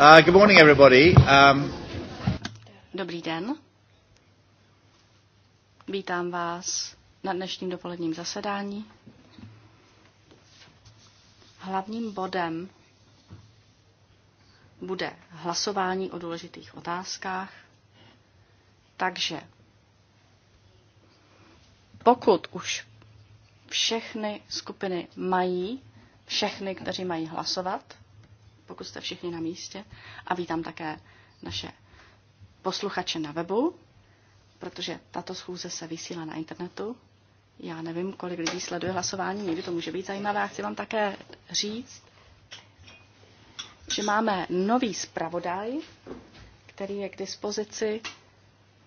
Uh, good morning, everybody. Um... Dobrý den. Vítám vás na dnešním dopoledním zasedání. Hlavním bodem bude hlasování o důležitých otázkách. Takže pokud už všechny skupiny mají, všechny, kteří mají hlasovat, pokud jste všichni na místě. A vítám také naše posluchače na webu, protože tato schůze se vysílá na internetu. Já nevím, kolik lidí sleduje hlasování, někdy to může být zajímavé. A chci vám také říct, že máme nový zpravodaj, který je k dispozici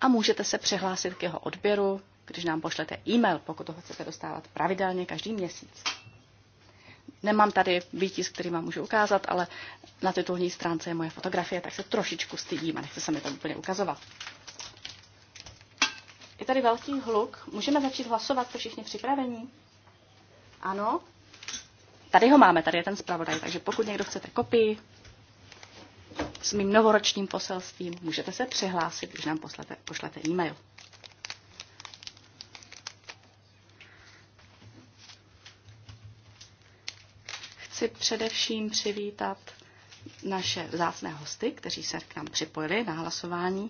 a můžete se přihlásit k jeho odběru, když nám pošlete e-mail, pokud ho chcete dostávat pravidelně každý měsíc. Nemám tady výtisk, který vám můžu ukázat, ale na titulní stránce je moje fotografie, tak se trošičku stydím a nechci se mi to úplně ukazovat. Je tady velký hluk. Můžeme začít hlasovat, jste všichni připravení? Ano. Tady ho máme, tady je ten zpravodaj, takže pokud někdo chcete kopii s mým novoročním poselstvím, můžete se přihlásit, když nám poslete, pošlete e-mail. chci především přivítat naše vzácné hosty, kteří se k nám připojili na hlasování.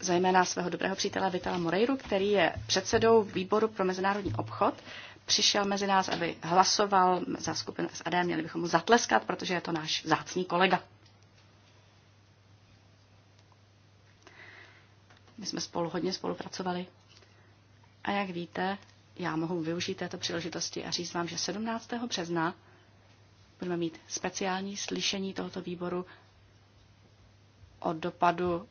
Zajména svého dobrého přítele Vitala Moreiru, který je předsedou výboru pro mezinárodní obchod. Přišel mezi nás, aby hlasoval za skupinu SAD. Měli bychom mu zatleskat, protože je to náš zácný kolega. My jsme spolu hodně spolupracovali. A jak víte, já mohu využít této příležitosti a říct vám, že 17. března budeme mít speciální slyšení tohoto výboru o dopadu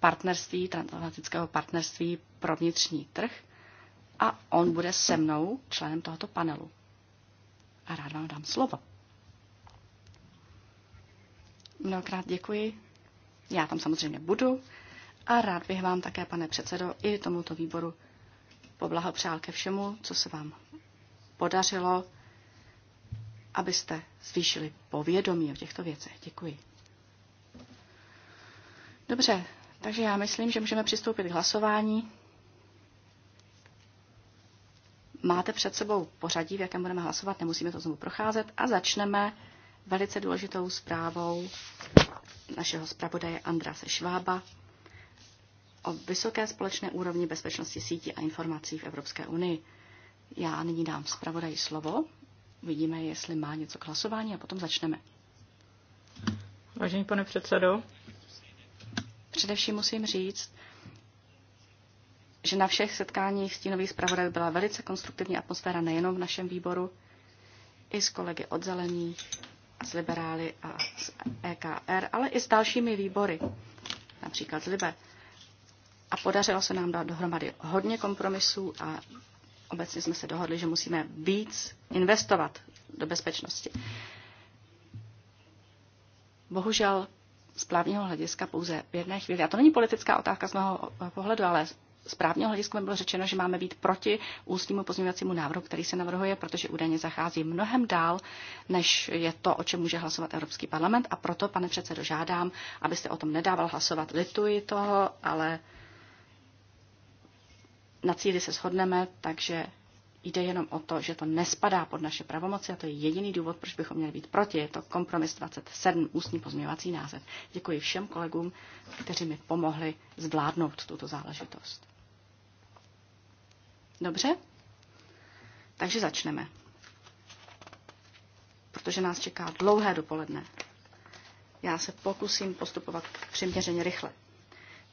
partnerství, transatlantického partnerství pro vnitřní trh a on bude se mnou členem tohoto panelu. A rád vám dám slovo. Mnohokrát děkuji. Já tam samozřejmě budu a rád bych vám také, pane předsedo, i tomuto výboru poblahopřál ke všemu, co se vám podařilo, abyste zvýšili povědomí o těchto věcech. Děkuji. Dobře, takže já myslím, že můžeme přistoupit k hlasování. Máte před sebou pořadí, v jakém budeme hlasovat, nemusíme to znovu procházet a začneme velice důležitou zprávou našeho zpravodaje Andrase Švába o vysoké společné úrovni bezpečnosti sítí a informací v Evropské unii. Já nyní dám zpravodaji slovo, vidíme, jestli má něco k hlasování a potom začneme. Vážený pane předsedo. Především musím říct, že na všech setkáních stínových zpravodajů byla velice konstruktivní atmosféra nejenom v našem výboru, i s kolegy od Zelení, s liberály a s EKR, ale i s dalšími výbory, například z Libe a podařilo se nám dát dohromady hodně kompromisů a obecně jsme se dohodli, že musíme víc investovat do bezpečnosti. Bohužel z právního hlediska pouze v jedné chvíli, a to není politická otázka z mého eh, pohledu, ale z právního hlediska mi bylo řečeno, že máme být proti ústnímu pozměňovacímu návrhu, který se navrhuje, protože údajně zachází mnohem dál, než je to, o čem může hlasovat Evropský parlament. A proto, pane předsedo, žádám, abyste o tom nedával hlasovat. Lituji toho, ale na cíli se shodneme, takže jde jenom o to, že to nespadá pod naše pravomoci a to je jediný důvod, proč bychom měli být proti. Je to kompromis 27, ústní pozměňovací název. Děkuji všem kolegům, kteří mi pomohli zvládnout tuto záležitost. Dobře? Takže začneme. Protože nás čeká dlouhé dopoledne. Já se pokusím postupovat přiměřeně rychle.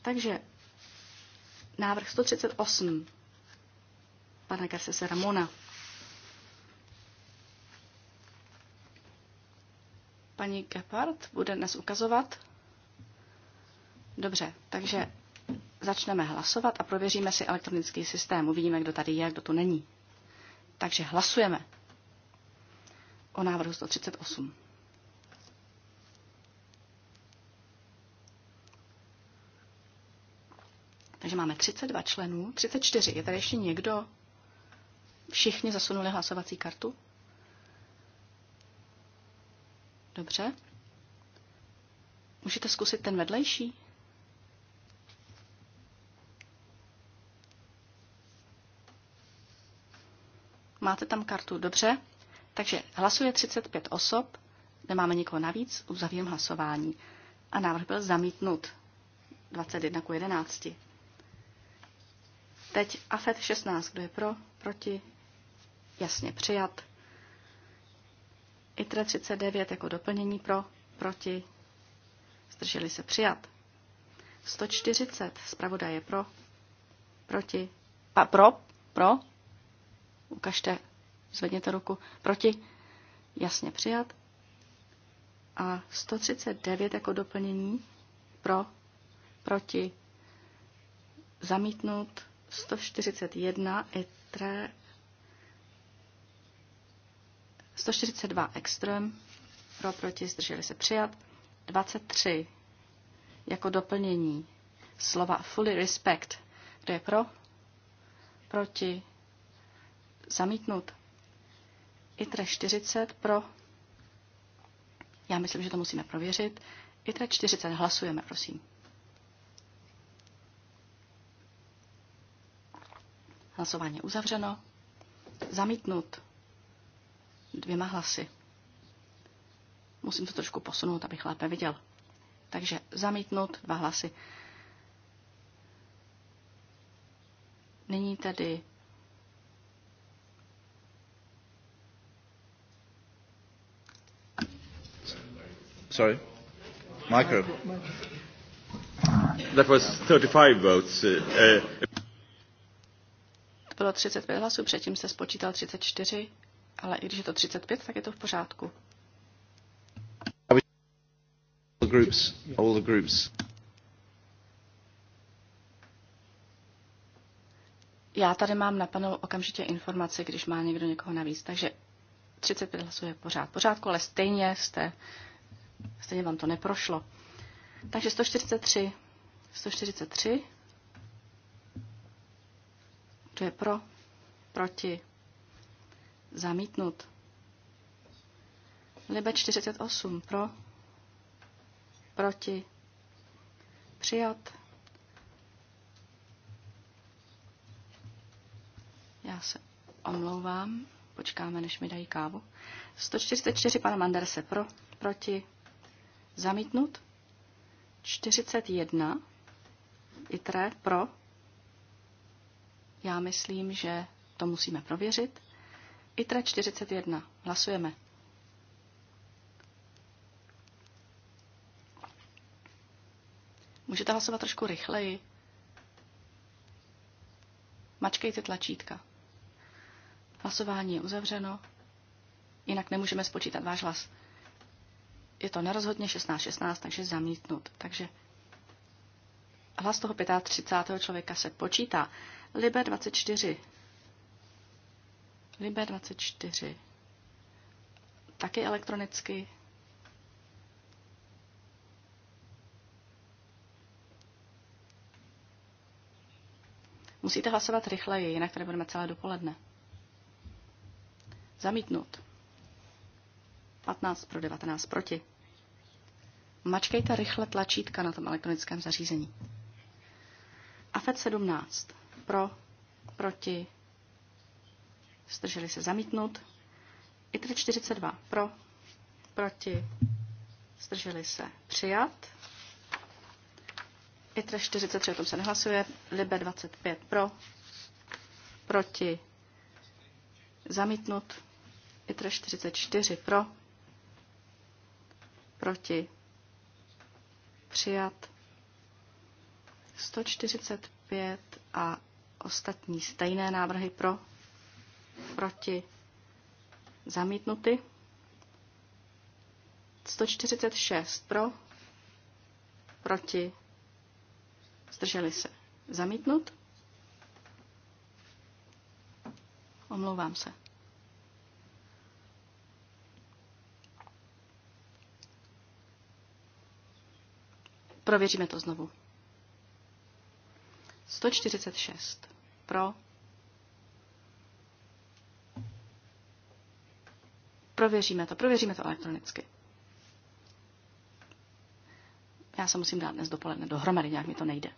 Takže Návrh 138 pana Garcese Ramona. Paní Gepard bude dnes ukazovat. Dobře, takže začneme hlasovat a prověříme si elektronický systém. Uvidíme, kdo tady je, kdo tu není. Takže hlasujeme o návrhu 138. Takže máme 32 členů, 34. Je tady ještě někdo? Všichni zasunuli hlasovací kartu? Dobře. Můžete zkusit ten vedlejší? Máte tam kartu, dobře? Takže hlasuje 35 osob, nemáme nikoho navíc, uzavírám hlasování. A návrh byl zamítnut 21 k 11. Teď AFET 16, kdo je pro, proti, jasně přijat. ITRE 39 jako doplnění pro, proti, zdrželi se přijat. 140, zpravodaj je pro, proti, pa, pro, pro, ukažte, zvedněte ruku, proti, jasně přijat. A 139 jako doplnění pro, proti, zamítnout, 141 ITRE, 142 extrém pro, proti, zdrželi se přijat, 23 jako doplnění slova fully respect, kdo je pro, proti, zamítnut, ITRE 40 pro, já myslím, že to musíme prověřit, ITRE 40 hlasujeme, prosím. Hlasování uzavřeno. Zamítnut dvěma hlasy. Musím to trošku posunout, abych lépe viděl. Takže zamítnout dva hlasy. Nyní tedy Sorry. Micro. That was 35 votes. Uh, bylo 35 hlasů, předtím se spočítal 34, ale i když je to 35, tak je to v pořádku. All the groups, all the groups. Já tady mám na panu okamžitě informace, když má někdo někoho navíc, takže 35 hlasů je pořád pořádku, ale stejně jste, stejně vám to neprošlo. Takže 143, 143 kdo je pro? Proti? Zamítnut. Libe 48 pro? Proti? Přijat. Já se omlouvám. Počkáme, než mi dají kávu. 144 pana Manderse pro? Proti? Zamítnut. 41 ITRE pro? Já myslím, že to musíme prověřit. ITRA 41. Hlasujeme. Můžete hlasovat trošku rychleji. Mačkejte tlačítka. Hlasování je uzavřeno, jinak nemůžeme spočítat váš hlas. Je to nerozhodně 16-16, takže zamítnut. Takže hlas toho 35. člověka se počítá. Libe 24. Libe 24. Taky elektronicky. Musíte hlasovat rychleji, jinak tady budeme celé dopoledne. Zamítnut. 15 pro 19 proti. Mačkejte rychle tlačítka na tom elektronickém zařízení. AFET 17. Pro, proti, zdrželi se zamítnout. itre 42. Pro, proti, zdrželi se přijat. itre 43, o tom se nehlasuje. LIBE 25. Pro, proti, zamítnut. itre 44. Pro, proti, přijat. 145 a ostatní stejné návrhy pro, proti, zamítnuty. 146 pro, proti, zdrželi se, zamítnut. Omlouvám se. Prověříme to znovu. 146 pro. Prověříme to, prověříme to elektronicky. Já se musím dát dnes dopoledne dohromady, nějak mi to nejde.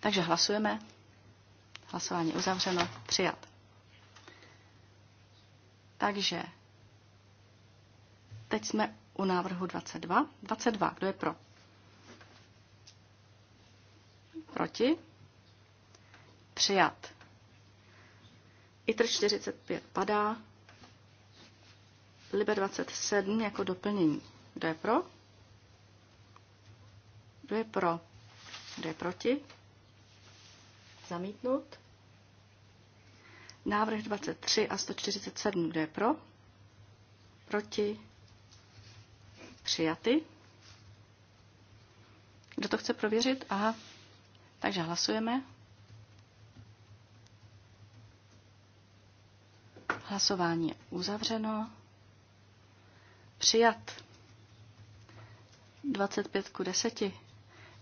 Takže hlasujeme. Hlasování uzavřeno, přijat. Takže teď jsme u návrhu 22. 22, kdo je pro? Proti? Přijat. ITR 45 padá. Libe 27 jako doplnění. Kdo je pro? Kdo je pro? Kdo je proti? Zamítnut. Návrh 23 a 147. Kdo je pro? Proti? Přijaty. Kdo to chce prověřit? Aha. Takže hlasujeme. Hlasování je uzavřeno. Přijat. 25 ku 10.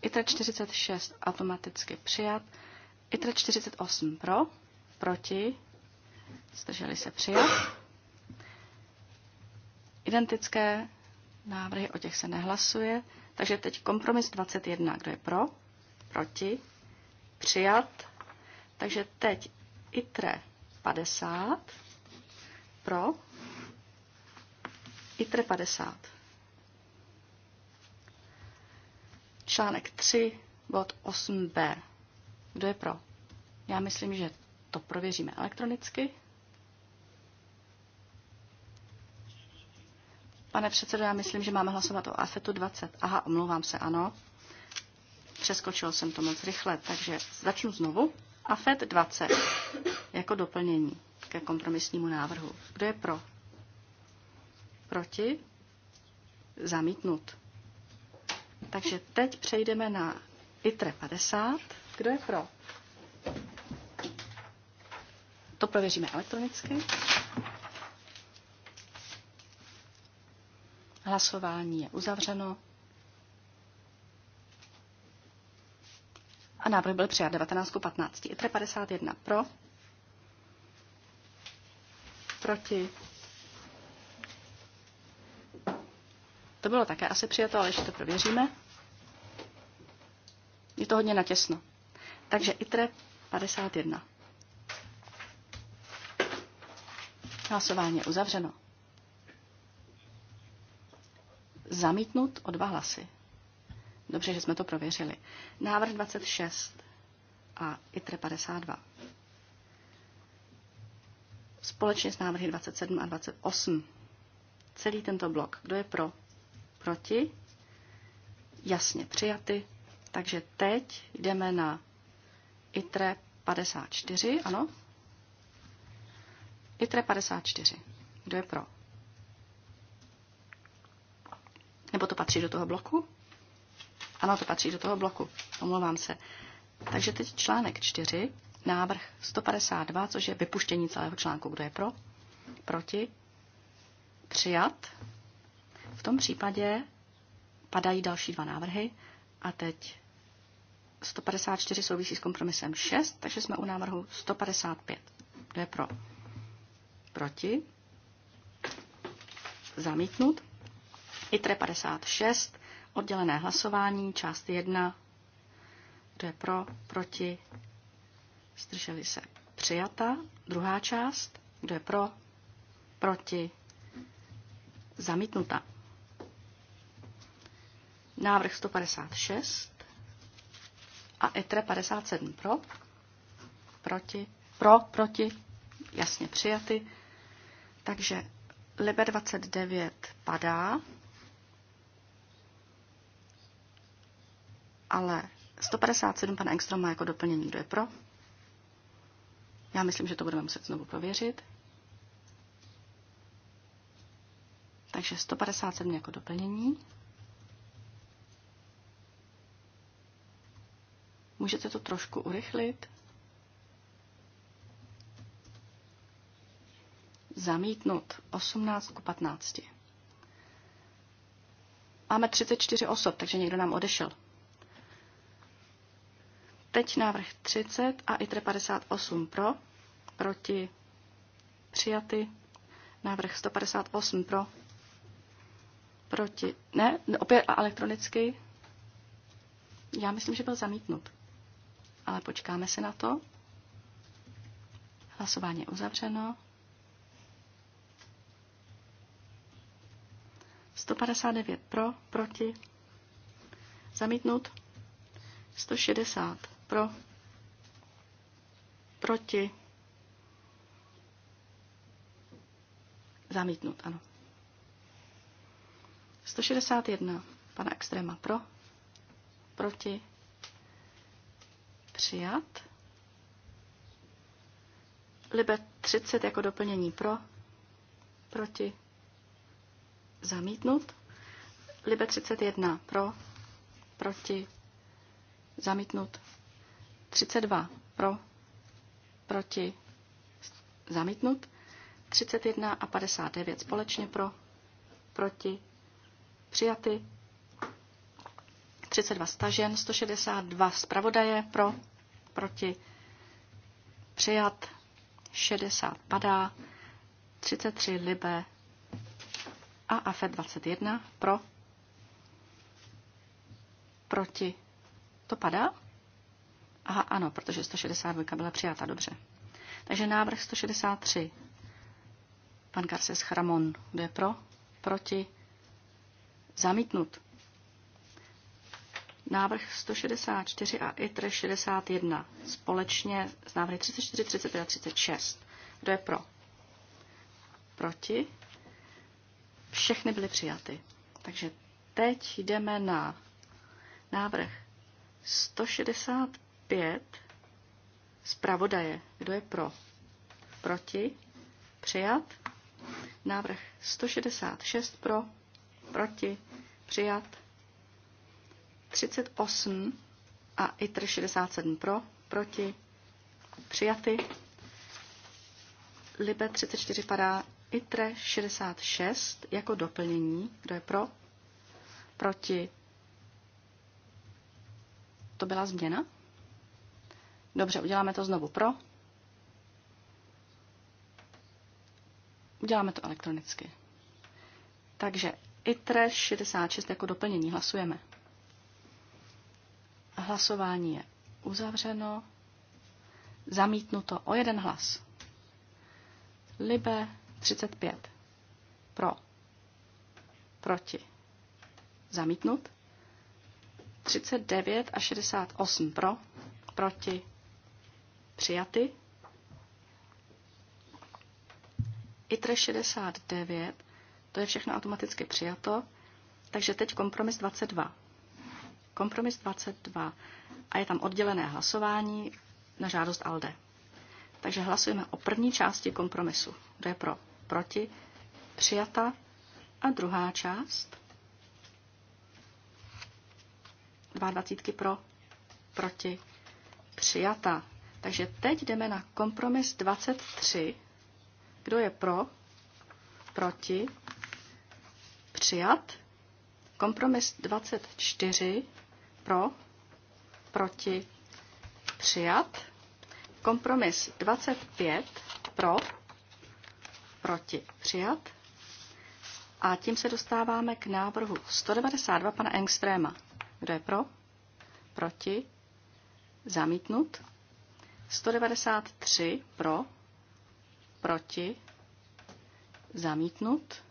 ITRA 46 automaticky přijat. ITRA 48 pro, proti, zdrželi se přijat. Identické návrhy, o těch se nehlasuje. Takže teď kompromis 21, kdo je pro, proti, přijat. Takže teď ITRE 50 pro. ITRE 50. Článek 3, bod 8b. Kdo je pro? Já myslím, že to prověříme elektronicky. Pane předsedo, já myslím, že máme hlasovat o AFETu 20. Aha, omlouvám se, ano. Přeskočil jsem to moc rychle, takže začnu znovu. AFET 20 jako doplnění ke kompromisnímu návrhu. Kdo je pro? Proti? Zamítnut. Takže teď přejdeme na ITRE 50. Kdo je pro? To prověříme elektronicky. Hlasování je uzavřeno. A návrh byl přijat 19 15. ITRE 51 pro. Proti? To bylo také asi přijato, ale ještě to prověříme. Je to hodně natěsno. Takže ITRE 51. Hlasování je uzavřeno. Zamítnut o dva hlasy. Dobře, že jsme to prověřili. Návrh 26 a ITRE 52 společně s návrhy 27 a 28. Celý tento blok. Kdo je pro? Proti? Jasně přijaty. Takže teď jdeme na ITRE 54, ano? ITRE 54. Kdo je pro? Nebo to patří do toho bloku? Ano, to patří do toho bloku. Omlouvám se. Takže teď článek 4 návrh 152, což je vypuštění celého článku. Kdo je pro? Proti? Přijat. V tom případě padají další dva návrhy a teď 154 souvisí s kompromisem 6, takže jsme u návrhu 155. Kdo je pro? Proti? Zamítnut. ITRE 56, oddělené hlasování, část 1. Kdo je pro? Proti? Zdrželi se. Přijata. Druhá část. Kdo je pro? Proti? Zamítnuta. Návrh 156 a ETRE 57 pro, proti, pro, proti, jasně přijaty. Takže LIBE 29 padá, ale 157 pan Engstrom má jako doplnění, kdo je pro, já myslím, že to budeme muset znovu prověřit. Takže 157 jako doplnění. Můžete to trošku urychlit? Zamítnut 18 ku 15. Máme 34 osob, takže někdo nám odešel. Teď návrh 30 a ITRE 58 pro, proti přijaty. Návrh 158 pro, proti, ne, opět a elektronicky. Já myslím, že byl zamítnut. Ale počkáme se na to. Hlasování je uzavřeno. 159 pro, proti, zamítnut. 160 pro. Proti. Zamítnut, ano. 161. Pana Extrema pro. Proti. Přijat. Libe 30 jako doplnění pro. Proti. Zamítnut. Libe 31 pro. Proti. Zamítnut. 32 pro, proti, zamítnut. 31 a 59 společně pro, proti, přijaty. 32 stažen, 162 zpravodaje pro, proti, přijat. 60 padá, 33 libe a AFE 21 pro, proti. To padá? Aha, ano, protože 162 byla přijata, dobře. Takže návrh 163. Pan Karses Chramon, kdo je pro? Proti? Zamítnut. Návrh 164 a ITR 61 společně s návrhy 34, 35 a 36. Kdo je pro? Proti? Všechny byly přijaty. Takže teď jdeme na návrh 165 5 zpravodaje. Kdo je pro? Proti? Přijat. Návrh 166 pro, proti, přijat. 38 a ITR 67 pro, proti, přijaty. Libe 34 padá ITRE 66 jako doplnění. Kdo je pro? Proti? To byla změna? Dobře, uděláme to znovu pro. Uděláme to elektronicky. Takže ITRE 66 jako doplnění hlasujeme. Hlasování je uzavřeno. Zamítnuto o jeden hlas. Libe 35. Pro. Proti. Zamítnut. 39 a 68 pro. Proti. Přijaty. ITRE 69, to je všechno automaticky přijato. Takže teď kompromis 22. Kompromis 22. A je tam oddělené hlasování na žádost ALDE. Takže hlasujeme o první části kompromisu. Kdo je pro? Proti? Přijata? A druhá část? Dva dvacítky pro? Proti? Přijata. Takže teď jdeme na kompromis 23. Kdo je pro? Proti? Přijat. Kompromis 24. Pro? Proti? Přijat. Kompromis 25. Pro? Proti? Přijat. A tím se dostáváme k návrhu 192 pana Engstréma. Kdo je pro? Proti? Zamítnut. 193 pro, proti, zamítnut.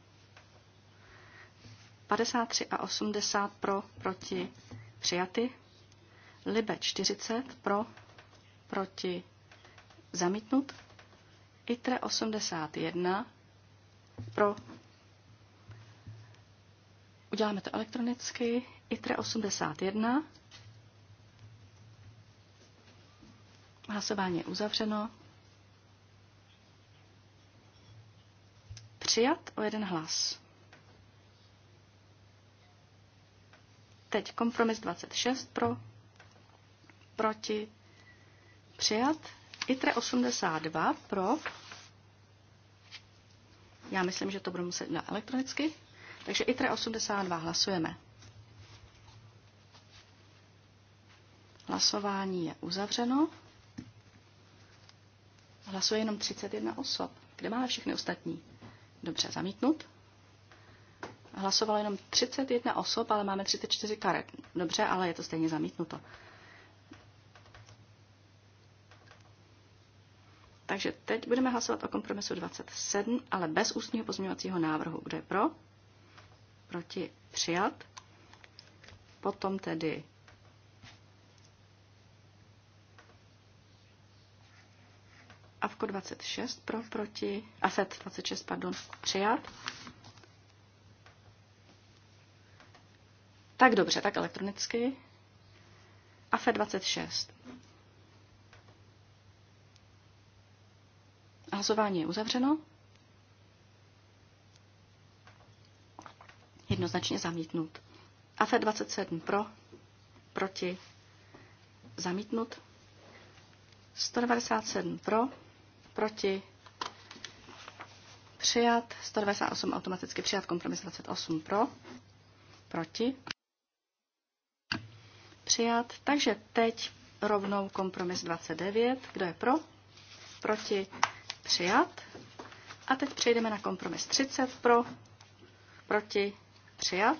53 a 80 pro, proti, přijaty. Libe 40 pro, proti, zamítnut. ITRE 81 pro. Uděláme to elektronicky. ITRE 81 Hlasování je uzavřeno. Přijat o jeden hlas. Teď kompromis 26 pro, proti, přijat. ITRE 82 pro. Já myslím, že to budu muset na elektronicky. Takže ITRE 82 hlasujeme. Hlasování je uzavřeno. Hlasuje jenom 31 osob. Kde máme všechny ostatní? Dobře, zamítnut. Hlasovalo jenom 31 osob, ale máme 34 karet. Dobře, ale je to stejně zamítnuto. Takže teď budeme hlasovat o kompromisu 27, ale bez ústního pozměňovacího návrhu. Kdo je pro? Proti přijat. Potom tedy Avko 26 pro, proti, ASET 26, pardon, přijat. Tak dobře, tak elektronicky. AFE 26. Hlasování je uzavřeno. Jednoznačně zamítnut. AFE 27 pro, proti, zamítnut. 197 pro, proti, přijat, 198 automaticky přijat, kompromis 28 pro, proti, přijat. Takže teď rovnou kompromis 29, kdo je pro, proti, přijat. A teď přejdeme na kompromis 30 pro, proti, přijat.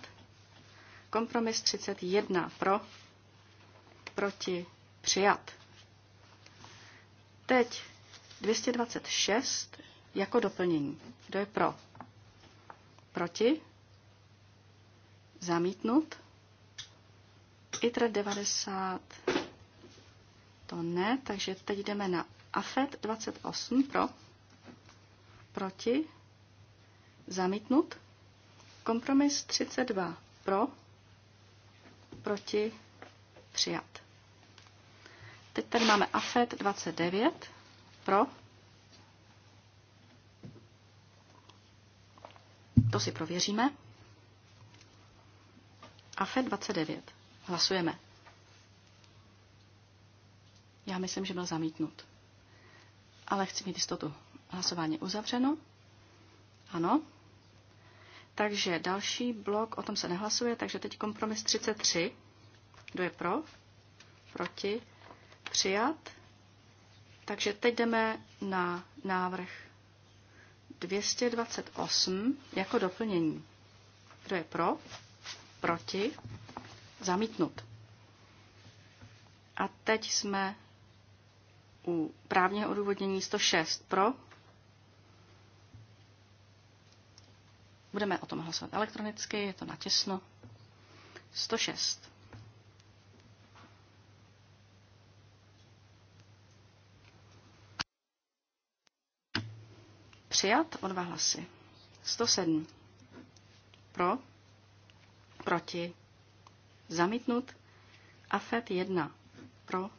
Kompromis 31 pro, proti, přijat. Teď 226 jako doplnění. Kdo je pro? Proti? Zamítnut? ITR 90 to ne, takže teď jdeme na AFET 28 pro, proti, zamítnut, kompromis 32 pro, proti, přijat. Teď tady máme AFET 29 pro. To si prověříme. AFE 29. Hlasujeme. Já myslím, že byl zamítnut. Ale chci mít jistotu. Hlasování uzavřeno. Ano. Takže další blok, o tom se nehlasuje, takže teď kompromis 33. Kdo je pro? Proti? Přijat. Takže teď jdeme na návrh 228 jako doplnění. Kdo je pro? Proti? Zamítnut. A teď jsme u právního odůvodnění 106 pro. Budeme o tom hlasovat elektronicky, je to natěsno. 106. Přijat o dva hlasy. 107. Pro. Proti. Zamítnut. AFET 1. Pro.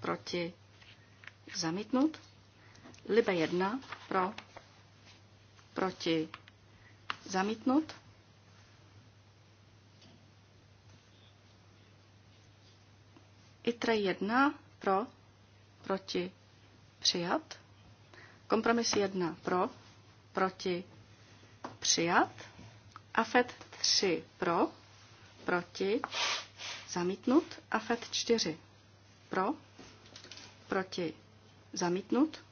Proti. Zamítnut. Libe 1. Pro. Proti. Zamítnut. ITRE 1. Pro. Proti. Přijat. Kompromis 1 pro, proti, přijat. AFET 3 pro, proti, zamítnut. AFET 4 pro, proti, zamítnut.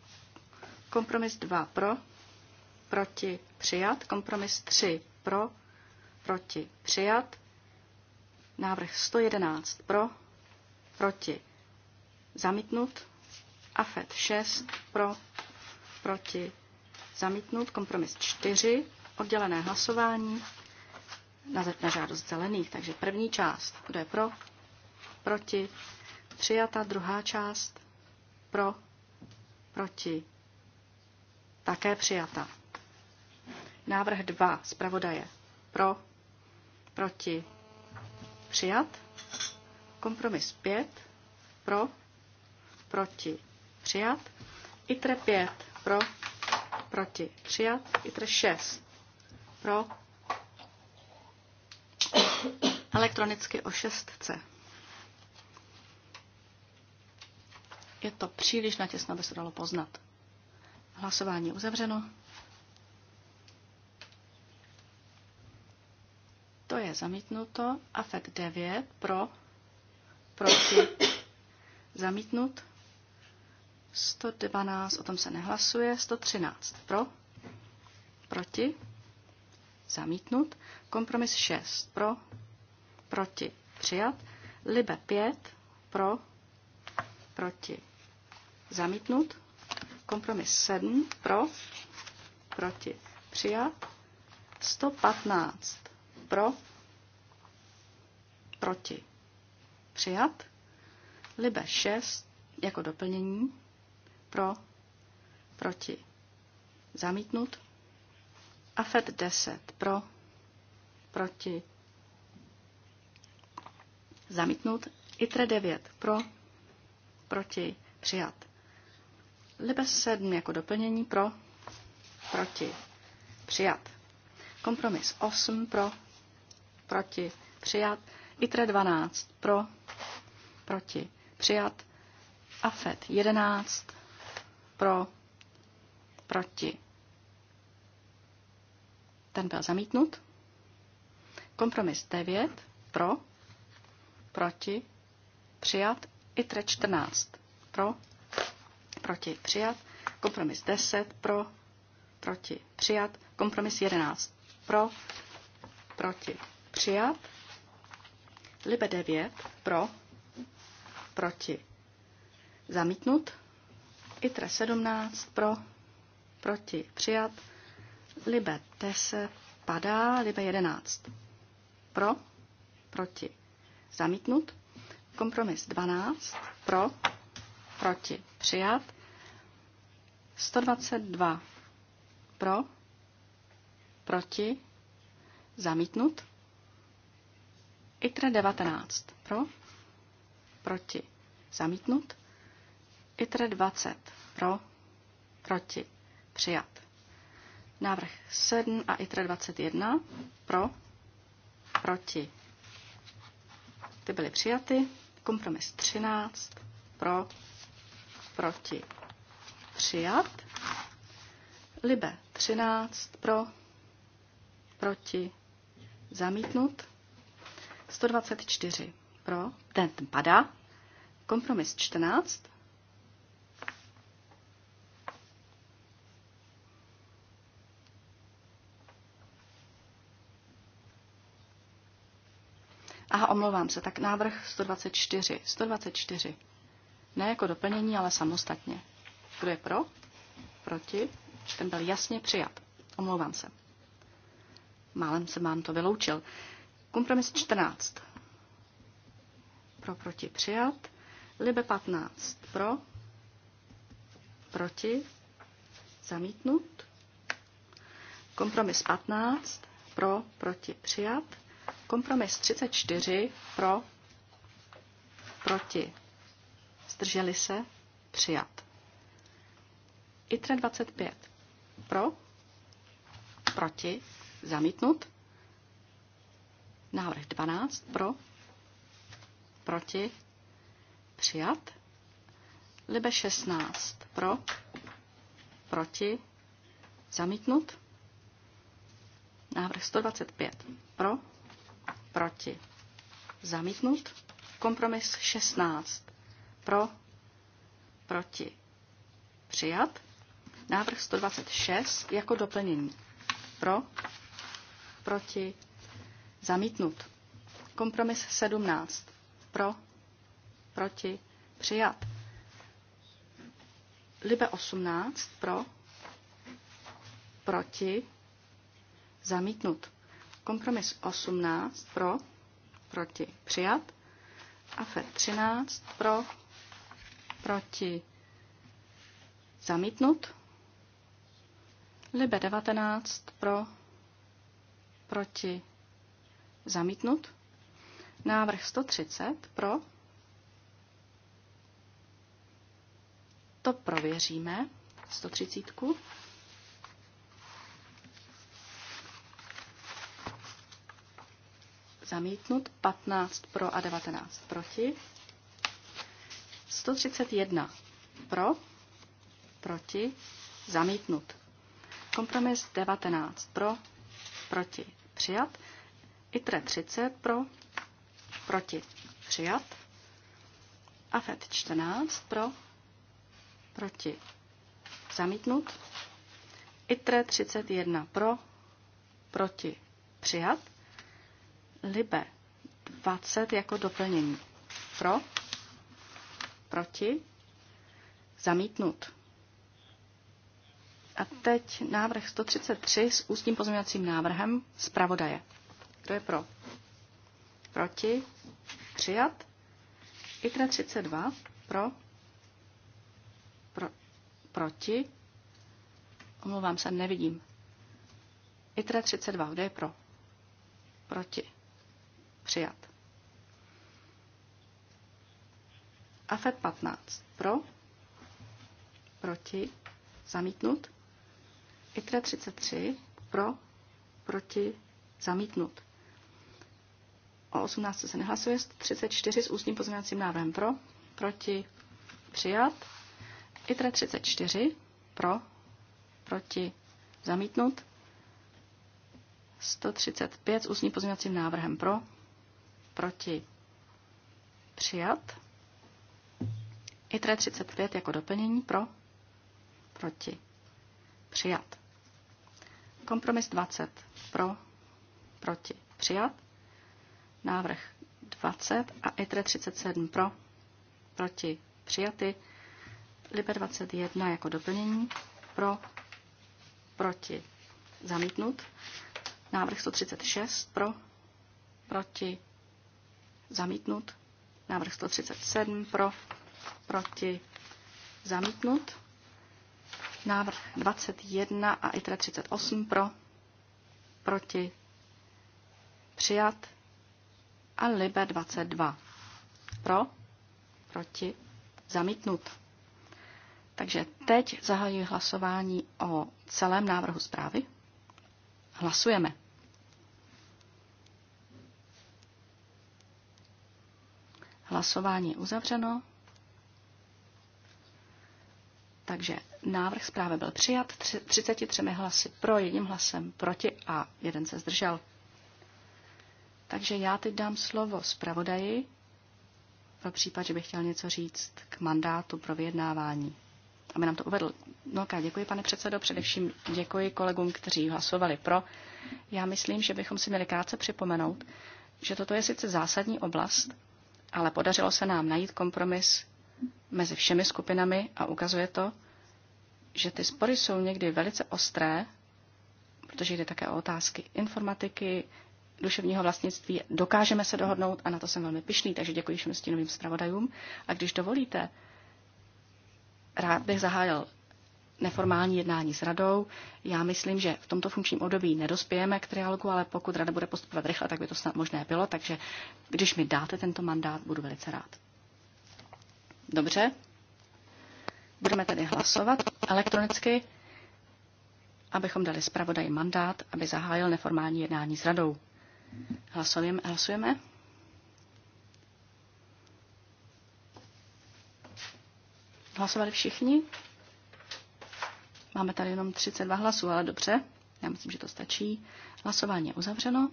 Kompromis 2 pro, proti, přijat. Kompromis 3 pro, proti, přijat. Návrh 111 pro, proti, zamítnut. AFET 6 pro, proti, zamítnout. Kompromis 4, oddělené hlasování na, na žádost zelených. Takže první část, kdo je pro, proti, přijata. Druhá část, pro, proti, také přijata. Návrh 2, zpravodaje, pro, proti, přijat. Kompromis 5, pro, proti, přijat. ITRE 5, pro. Proti. Přijat. ITRE 6. Pro. Elektronicky o šestce. Je to příliš natěsno, aby se dalo poznat. Hlasování je uzavřeno. To je zamítnuto. AFET 9 pro, proti, zamítnut. 112, o tom se nehlasuje. 113 pro, proti, zamítnut. Kompromis 6 pro, proti, přijat. Libe 5 pro, proti, zamítnut. Kompromis 7 pro, proti, přijat. 115 pro, proti, přijat. Libe 6 jako doplnění pro, proti, zamítnut. A FED 10 pro, proti, zamítnut. ITRE 9 pro, proti, přijat. LIBES 7 jako doplnění pro, proti, přijat. Kompromis 8 pro, proti, přijat. ITRE 12 pro, proti, přijat. AFET 11 pro, proti. Ten byl zamítnut. Kompromis 9 pro, proti, přijat. I tre 14 pro, proti, přijat. Kompromis 10 pro, proti, přijat. Kompromis 11 pro, proti, přijat. Libe 9 pro, proti, zamítnut. ITRE 17 pro, proti přijat. Libe 10 padá, Libe 11 pro, proti zamítnut. Kompromis 12 pro, proti přijat. 122 pro, proti zamítnut. ITRE 19 pro, proti zamítnut. ITRE 20 pro, proti, přijat. Návrh 7 a ITRE 21 pro, proti. Ty byly přijaty. Kompromis 13 pro, proti, přijat. Libe 13 pro, proti, zamítnut. 124 pro, ten padá. Kompromis 14 Aha, omlouvám se, tak návrh 124. 124. Ne jako doplnění, ale samostatně. Kdo je pro? Proti? Ten byl jasně přijat. Omlouvám se. Málem se mám to vyloučil. Kompromis 14. Pro, proti, přijat. Libe 15. Pro, proti, zamítnut. Kompromis 15. Pro, proti, přijat. Kompromis 34 pro, proti, zdrželi se, přijat. ITRE 25 pro, proti, zamítnut. Návrh 12 pro, proti, přijat. Libe 16 pro, proti, zamítnut. Návrh 125 pro, proti, zamítnut. Kompromis 16, pro, proti, přijat. Návrh 126 jako doplnění, pro, proti, zamítnut. Kompromis 17, pro, proti, přijat. Libe 18, pro, proti, zamítnut. Kompromis 18 pro, proti přijat. a f 13 e pro, proti zamítnut. Libe 19 pro, proti zamítnut. Návrh 130 pro. To prověříme. 130. zamítnut, 15 pro a 19 proti. 131 pro, proti, zamítnut. Kompromis 19 pro, proti, přijat. ITRE 30 pro, proti, přijat. AFET 14 pro, proti, zamítnut. ITRE 31 pro, proti, přijat. Libe 20 jako doplnění. Pro, proti, zamítnut. A teď návrh 133 s ústním pozměňovacím návrhem zpravodaje. Kdo je pro? Proti? Přijat? ITRA 32 pro? pro proti? Omlouvám se, nevidím. ITRA 32, kde je pro? Proti. Přijat. Afet 15. Pro. Proti. Zamítnut. ITRE 33. Pro. Proti. Zamítnut. O 18 se nehlasuje. 34 s ústním pozměňovacím návrhem pro. Proti. Přijat. ITRE 34. Pro. Proti. Zamítnut. 135 s ústním pozměňovacím návrhem pro proti přijat. I 35 jako doplnění pro, proti přijat. Kompromis 20 pro, proti přijat. Návrh 20 a i 37 pro, proti přijaty. LIBE 21 jako doplnění pro, proti zamítnut. Návrh 136 pro, proti Zamítnut. Návrh 137 pro, proti, zamítnut. Návrh 21 a itra 38 pro, proti, přijat. A LIBE 22 pro, proti, zamítnut. Takže teď zahajuji hlasování o celém návrhu zprávy. Hlasujeme. Hlasování je uzavřeno. Takže návrh zprávy byl přijat 33 hlasy pro, jedním hlasem proti a jeden se zdržel. Takže já teď dám slovo zpravodaji pro případ, že bych chtěl něco říct k mandátu pro vyjednávání. Aby nám to uvedl. No, děkuji, pane předsedo. Především děkuji kolegům, kteří hlasovali pro. Já myslím, že bychom si měli krátce připomenout, že toto je sice zásadní oblast, ale podařilo se nám najít kompromis mezi všemi skupinami a ukazuje to, že ty spory jsou někdy velice ostré, protože jde také o otázky informatiky, duševního vlastnictví. Dokážeme se dohodnout a na to jsem velmi pišný, takže děkuji všem stínovým zpravodajům. A když dovolíte, rád bych zahájil neformální jednání s radou. Já myslím, že v tomto funkčním období nedospějeme k trialogu, ale pokud rada bude postupovat rychle, tak by to snad možné bylo. Takže když mi dáte tento mandát, budu velice rád. Dobře. Budeme tedy hlasovat elektronicky, abychom dali zpravodaji mandát, aby zahájil neformální jednání s radou. Hlasujeme. hlasujeme. Hlasovali všichni? Máme tady jenom 32 hlasů, ale dobře, já myslím, že to stačí. Hlasování je uzavřeno.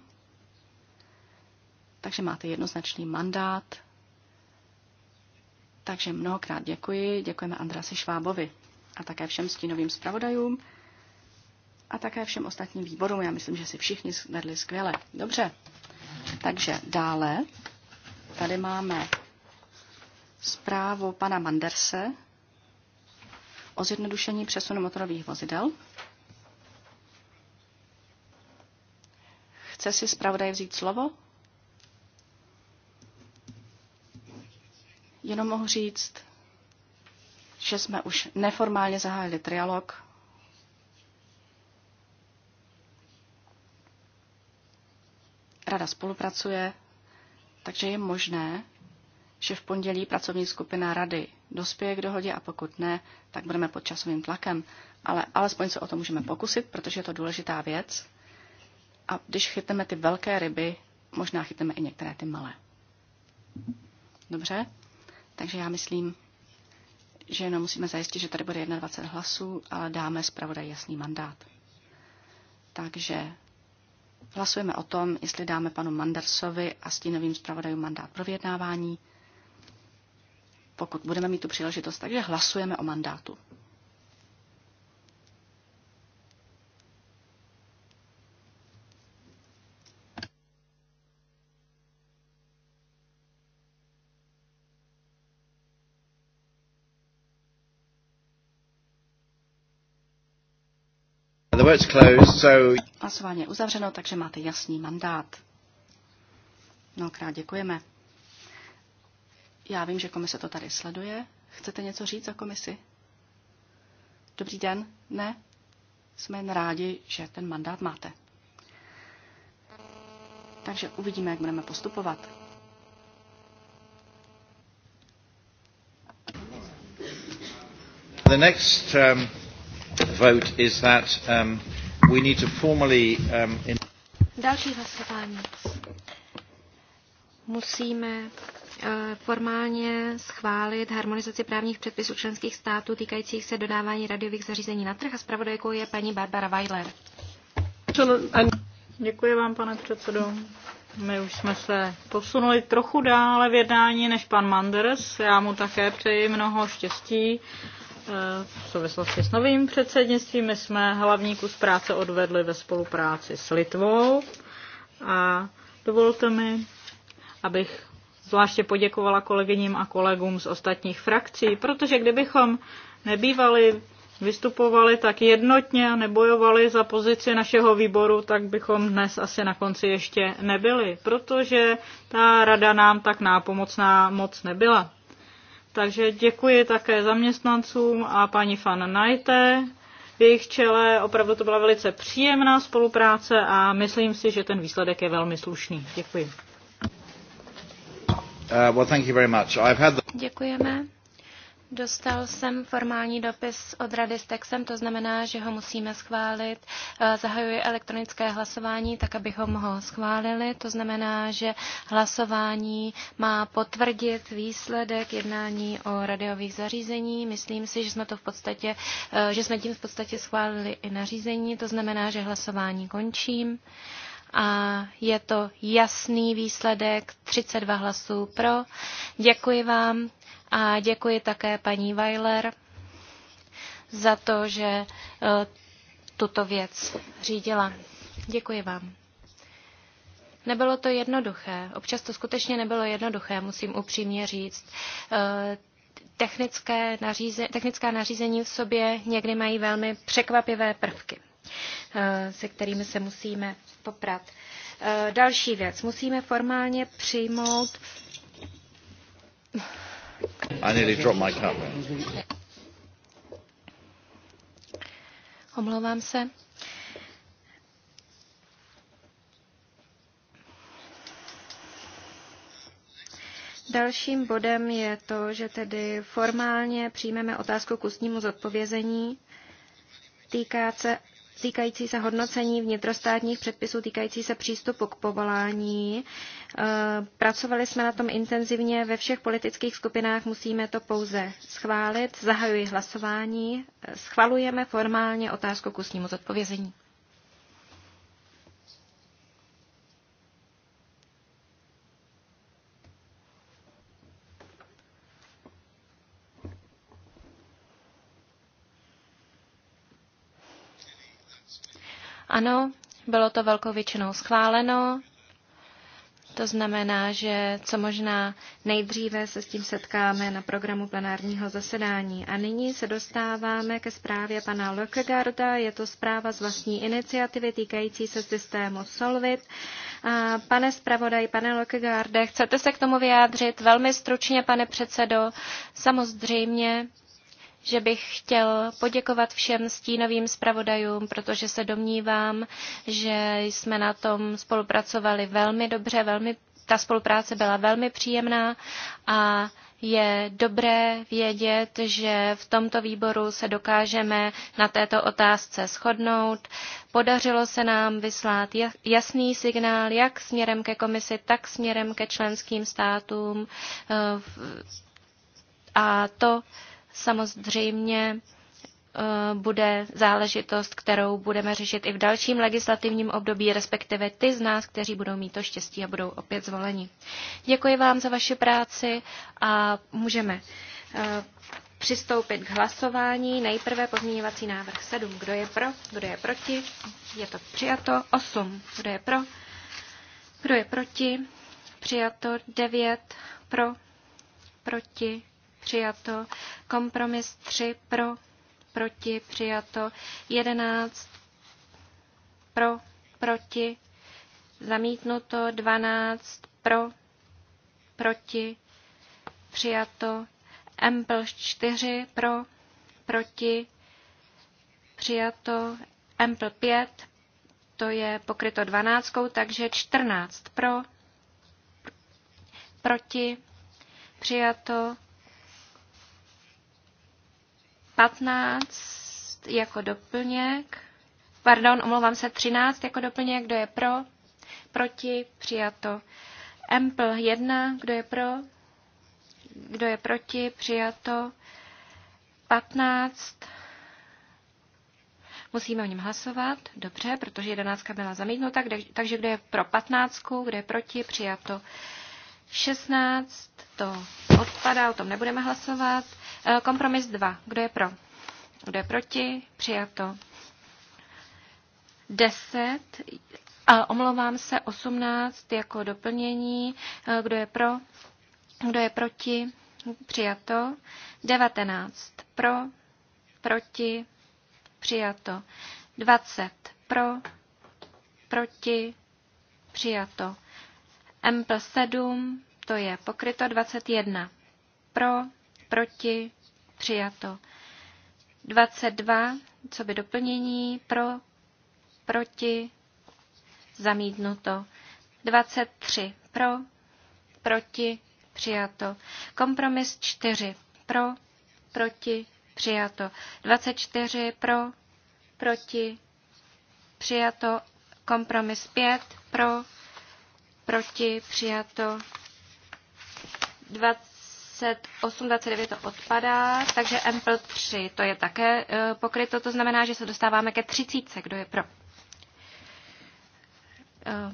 Takže máte jednoznačný mandát. Takže mnohokrát děkuji. Děkujeme Andrasi Švábovi a také všem stínovým zpravodajům a také všem ostatním výborům. Já myslím, že si všichni vedli skvěle. Dobře. Takže dále tady máme zprávu pana Manderse o zjednodušení přesunu motorových vozidel. Chce si zpravodaj vzít slovo? Jenom mohu říct, že jsme už neformálně zahájili trialog. Rada spolupracuje, takže je možné, že v pondělí pracovní skupina rady dospěje k dohodě a pokud ne, tak budeme pod časovým tlakem. Ale alespoň se o to můžeme pokusit, protože je to důležitá věc. A když chytneme ty velké ryby, možná chytneme i některé ty malé. Dobře? Takže já myslím, že jenom musíme zajistit, že tady bude 21 hlasů, ale dáme zpravodaj jasný mandát. Takže hlasujeme o tom, jestli dáme panu Mandersovi a stínovým zpravodajům mandát pro vyjednávání pokud budeme mít tu příležitost. Takže hlasujeme o mandátu. Hlasování je uzavřeno, takže máte jasný mandát. Mnohokrát děkujeme. Já vím, že komise to tady sleduje. Chcete něco říct za komisi? Dobrý den? Ne? Jsme jen rádi, že ten mandát máte. Takže uvidíme, jak budeme postupovat. The next um, vote is that um, we need to formally um, in Další hlasování. Musíme Eh, formálně schválit harmonizaci právních předpisů členských států týkajících se dodávání radiových zařízení na trh a zpravodajkou je paní Barbara Weiler. Děkuji vám, pane předsedo. My už jsme se posunuli trochu dále v jednání než pan Manders. Já mu také přeji mnoho štěstí. Eh, v souvislosti s novým předsednictvím my jsme hlavní kus práce odvedli ve spolupráci s Litvou a dovolte mi, abych zvláště poděkovala kolegyním a kolegům z ostatních frakcí, protože kdybychom nebývali vystupovali tak jednotně a nebojovali za pozici našeho výboru, tak bychom dnes asi na konci ještě nebyli, protože ta rada nám tak nápomocná moc nebyla. Takže děkuji také zaměstnancům a paní Fan Najte. V jejich čele opravdu to byla velice příjemná spolupráce a myslím si, že ten výsledek je velmi slušný. Děkuji. Uh, Děkujeme. Dostal jsem formální dopis od rady s textem, to znamená, že ho musíme schválit. Uh, zahajuji elektronické hlasování, tak abychom ho schválili. To znamená, že hlasování má potvrdit výsledek jednání o radiových zařízení. Myslím si, že jsme, to v podstatě, uh, že jsme tím v podstatě schválili i nařízení. To znamená, že hlasování končím a je to jasný výsledek 32 hlasů pro. Děkuji vám a děkuji také paní Weiler za to, že e, tuto věc řídila. Děkuji vám. Nebylo to jednoduché, občas to skutečně nebylo jednoduché, musím upřímně říct. E, technické nařízení, technická nařízení v sobě někdy mají velmi překvapivé prvky. Eh, se kterými se musíme poprat. Eh, další věc. Musíme formálně přijmout. I nearly dropped my camera. Omlouvám se. Dalším bodem je to, že tedy formálně přijmeme otázku k ústnímu zodpovězení. Týká se týkající se hodnocení vnitrostátních předpisů týkající se přístupu k povolání. Eh, pracovali jsme na tom intenzivně ve všech politických skupinách, musíme to pouze schválit. Zahajuji hlasování, eh, schvalujeme formálně otázku k ústnímu zodpovězení. Ano, bylo to velkou většinou schváleno. To znamená, že co možná nejdříve se s tím setkáme na programu plenárního zasedání. A nyní se dostáváme ke zprávě pana Lökegarda. Je to zpráva z vlastní iniciativy týkající se systému Solvit. A pane zpravodaj, pane Lökegarde, chcete se k tomu vyjádřit? Velmi stručně, pane předsedo. Samozřejmě že bych chtěl poděkovat všem stínovým zpravodajům, protože se domnívám, že jsme na tom spolupracovali velmi dobře, velmi, ta spolupráce byla velmi příjemná a je dobré vědět, že v tomto výboru se dokážeme na této otázce shodnout. Podařilo se nám vyslát jasný signál jak směrem ke komisi, tak směrem ke členským státům eh, a to samozřejmě eh, bude záležitost, kterou budeme řešit i v dalším legislativním období, respektive ty z nás, kteří budou mít to štěstí a budou opět zvoleni. Děkuji vám za vaši práci a můžeme eh, přistoupit k hlasování. Nejprve pozměňovací návrh 7. Kdo je pro? Kdo je proti? Je to přijato. 8. Kdo je pro? Kdo je proti? Přijato. 9. Pro? Proti? přijato, kompromis 3 pro, proti, přijato, 11 pro, proti, zamítnuto, 12 pro, proti, přijato, Empl 4 pro, proti, přijato, Empl 5, to je pokryto 12, takže 14 pro, proti, přijato, 15 jako doplněk, pardon, omlouvám se, 13 jako doplněk, kdo je pro, proti, přijato. Empl 1, kdo je pro, kdo je proti, přijato. 15, musíme o něm hlasovat, dobře, protože 11 byla zamítnuta, kde, takže kdo je pro 15, kdo je proti, přijato. 16 to odpadá, o tom nebudeme hlasovat. Eh, kompromis 2. Kdo je pro? Kdo je proti? Přijato. 10. A omlouvám se, 18 jako doplnění. Eh, kdo je pro? Kdo je proti? Přijato. 19 pro, proti, přijato. 20 pro, proti, přijato. M plus 7, to je pokryto 21. Pro, proti, přijato. 22, co by doplnění, pro, proti, zamítnuto. 23, pro, proti, přijato. Kompromis 4, pro, proti, přijato. 24, pro, proti, přijato. Kompromis 5, pro, proti, přijato 28, 29 to odpadá, takže M 3 to je také e, pokryto, to znamená, že se dostáváme ke 30, kdo je pro. E,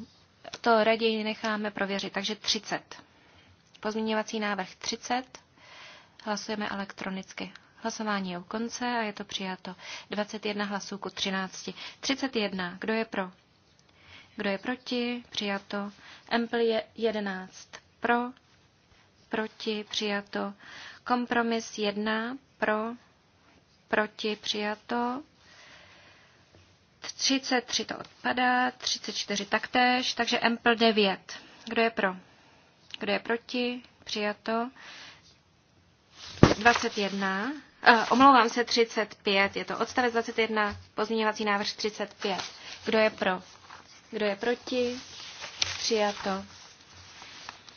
to raději necháme prověřit, takže 30. Pozměňovací návrh 30. Hlasujeme elektronicky. Hlasování je u konce a je to přijato. 21 hlasů ku 13. 31. Kdo je pro? Kdo je proti? Přijato. Empl 11 pro, proti, přijato. Kompromis 1 pro, proti, přijato. 33 to odpadá, 34 taktéž, takže Empl 9. Kdo je pro? Kdo je proti? Přijato. 21. Uh, eh, omlouvám se, 35. Je to odstavec 21, pozměňovací návrh 35. Kdo je pro? Kdo je proti? Přijato.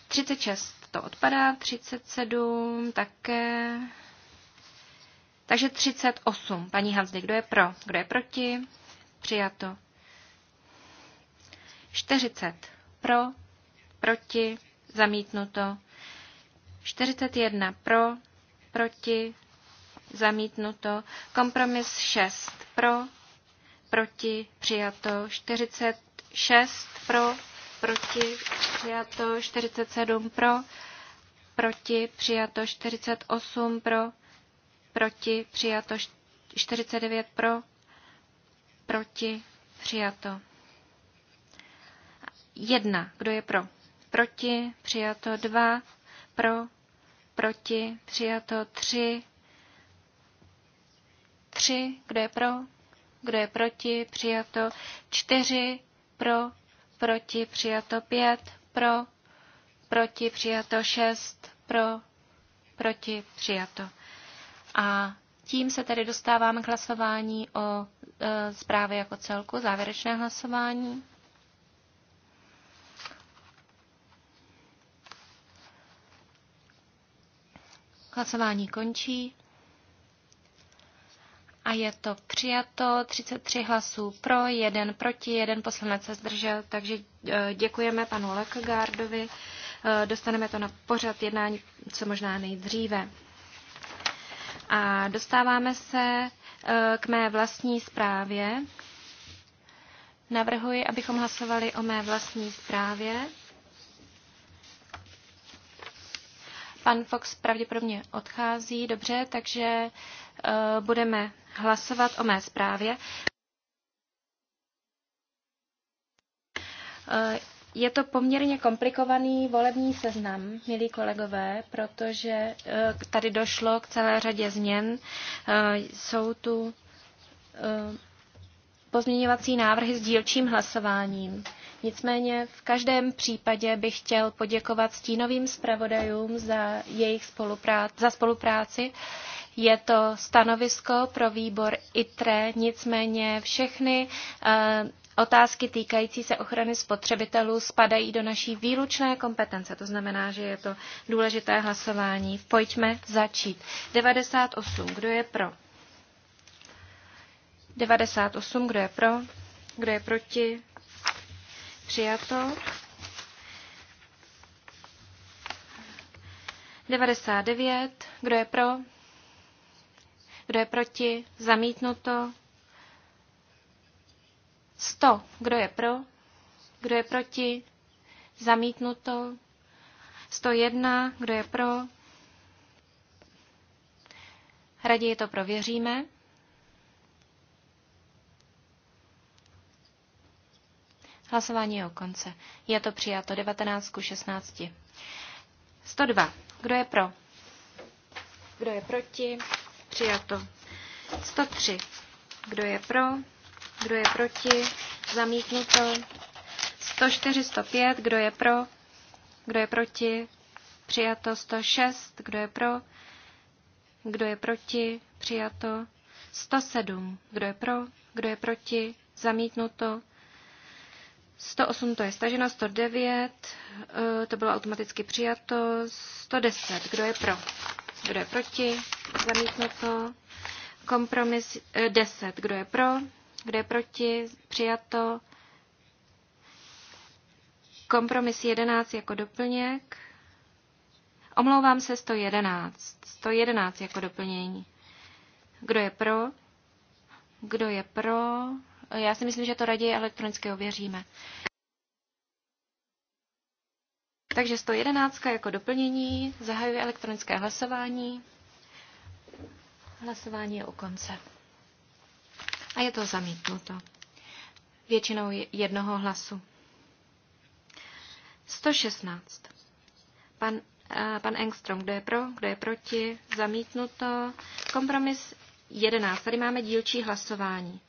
36 to odpadá, 37 také. Takže 38. Paní Hansdy, kdo je pro? Kdo je proti? Přijato. 40. Pro, proti, zamítnuto. 41. Pro, proti, zamítnuto. Kompromis 6. Pro, proti, přijato. 40 6 pro, proti přijato 47 pro, proti přijato 48 pro, proti přijato 49 pro, proti přijato 1. Kdo je pro? Proti přijato 2 pro, proti přijato 3 3. Kdo je pro? Kdo je proti? Přijato 4 pro, proti přijato pět, pro, proti přijato šest, pro, proti přijato. A tím se tedy dostáváme k hlasování o e, zprávě jako celku, závěrečné hlasování. Hlasování končí a je to přijato 33 hlasů pro, jeden proti, jeden poslanec se zdržel, takže eh, děkujeme panu Lekgardovi. Eh, dostaneme to na pořad jednání co možná nejdříve. A dostáváme se eh, k mé vlastní zprávě. Navrhuji, abychom hlasovali o mé vlastní zprávě. Pan Fox pravděpodobně odchází, dobře, takže eh, budeme hlasovat o mé zprávě. Eh, je to poměrně komplikovaný volební seznam, milí kolegové, protože eh, tady došlo k celé řadě změn. Jsou tu pozměňovací návrhy s dílčím hlasováním. Nicméně v každém případě bych chtěl poděkovat stínovým zpravodajům za jejich spolupráci, za spolupráci. Je to stanovisko pro výbor ITRE, nicméně všechny eh, Otázky týkající se ochrany spotřebitelů spadají do naší výlučné kompetence, to znamená, že je to důležité hlasování. Pojďme začít. 98. Kdo je pro? 98. Kdo je pro? Kdo je proti? Přijato. 99. Kdo je pro? Kdo je proti? Zamítnuto. 100. Kdo je pro? Kdo je proti? Zamítnuto. 101. Kdo je pro? Raději to prověříme. Hlasování je o konce. Je to přijato 19 ku 16. 102. Kdo je pro? Kdo je proti? Přijato. 103. Kdo je pro? Kdo je proti? Zamítnuto. 104, 105. Kdo je pro? Kdo je proti? Přijato. 106. Kdo je pro? Kdo je proti? Přijato. 107. Kdo je pro? Kdo je proti? Zamítnuto. 108 to je staženo, 109 eh, to bylo automaticky přijato, 110 kdo je pro, kdo je proti, zamítnuto, kompromis 10 eh, kdo je pro, kdo je proti, přijato, kompromis 11 jako doplněk, omlouvám se 111, 111 jako doplnění. Kdo je pro? Kdo je pro? já si myslím, že to raději elektronicky ověříme. Takže 111 jako doplnění, zahajuje elektronické hlasování. Hlasování je u konce. A je to zamítnuto. Většinou jednoho hlasu. 116. Pan, eh, pan Engstrom, kdo je pro, kdo je proti, zamítnuto. Kompromis 11. Tady máme dílčí hlasování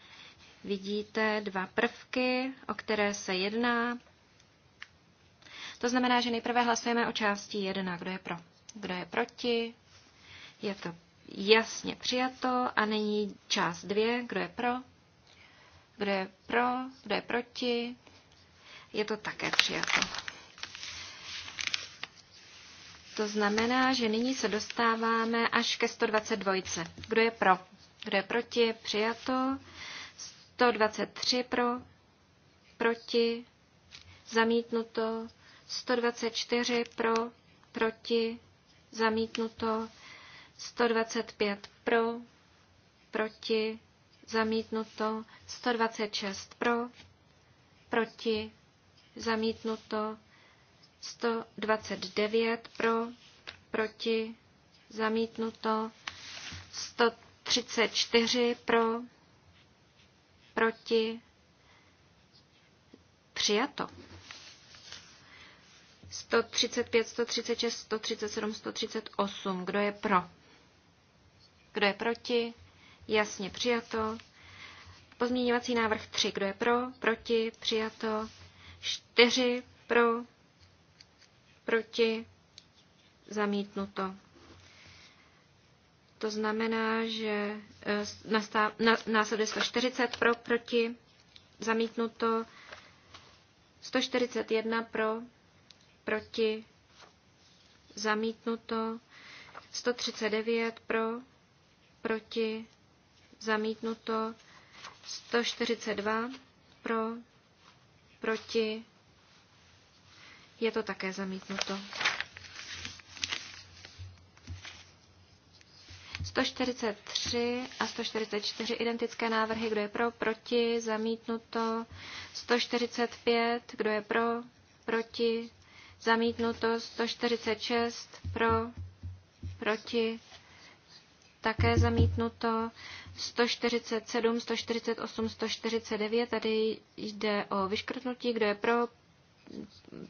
vidíte dva prvky, o které se jedná. To znamená, že nejprve hlasujeme o části 1. Kdo je pro? Kdo je proti? Je to jasně přijato. A nyní část 2. Kdo je pro? Kdo je pro? Kdo je proti? Je to také přijato. To znamená, že nyní se dostáváme až ke 122. Kdo je pro? Kdo je proti? Přijato. 123 pro, proti, zamítnuto, 124 pro, proti, zamítnuto, 125 pro, proti, zamítnuto, 126 pro, proti, zamítnuto, 129 pro, proti, zamítnuto, 134 pro, proti, přijato. 135, 136, 137, 138. Kdo je pro? Kdo je proti? Jasně přijato. Pozměňovací návrh 3. Kdo je pro? Proti? Přijato. 4. Pro? Proti? Zamítnuto. To znamená, že e, na, následuje 140 pro, proti, zamítnuto, 141 pro, proti, zamítnuto, 139 pro, proti, zamítnuto, 142 pro, proti, je to také zamítnuto. 143 a 144 identické návrhy, kdo je pro, proti, zamítnuto. 145, kdo je pro, proti, zamítnuto. 146, pro, proti, také zamítnuto. 147, 148, 149, tady jde o vyškrtnutí, kdo je pro,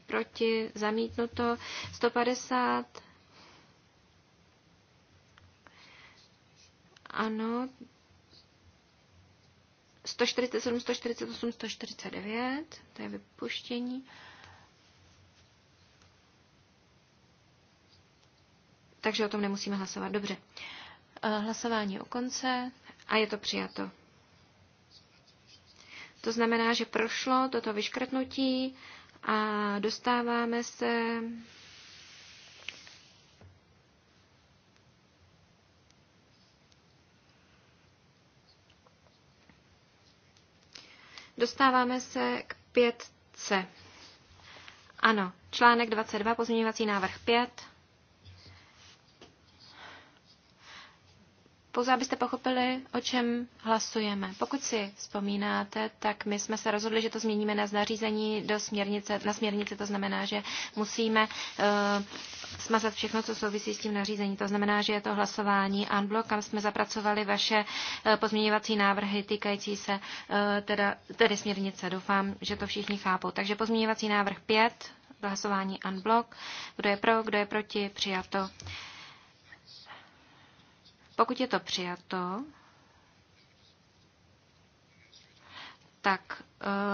proti, zamítnuto. 150, Ano. 147, 148, 149, to je vypuštění. Takže o tom nemusíme hlasovat. Dobře. Eh, hlasování o konce a je to přijato. To znamená, že prošlo toto vyškrtnutí a dostáváme se Dostáváme se k 5C. Ano, článek 22, pozměňovací návrh 5. pouze abyste pochopili, o čem hlasujeme. Pokud si vzpomínáte, tak my jsme se rozhodli, že to změníme na nařízení do směrnice. Na směrnici to znamená, že musíme uh, smazat všechno, co souvisí s tím nařízení. To znamená, že je to hlasování unblock, kam jsme zapracovali vaše uh, pozměňovací návrhy týkající se uh, teda, tedy směrnice. Doufám, že to všichni chápou. Takže pozměňovací návrh 5, hlasování unblock. Kdo je pro, kdo je proti, přijato. Pokud je to přijato, tak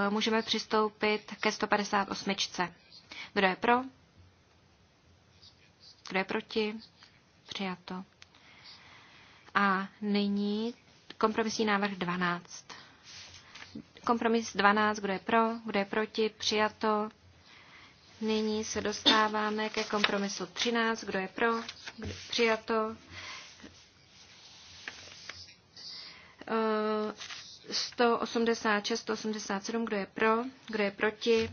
uh, můžeme přistoupit ke 158. Kdo je pro? Kdo je proti? Přijato. A nyní kompromisní návrh 12. Kompromis 12, kdo je pro, kdo je proti, přijato. Nyní se dostáváme ke kompromisu 13, kdo je pro, kdo, přijato. 186, 187, kdo je pro, kdo je proti.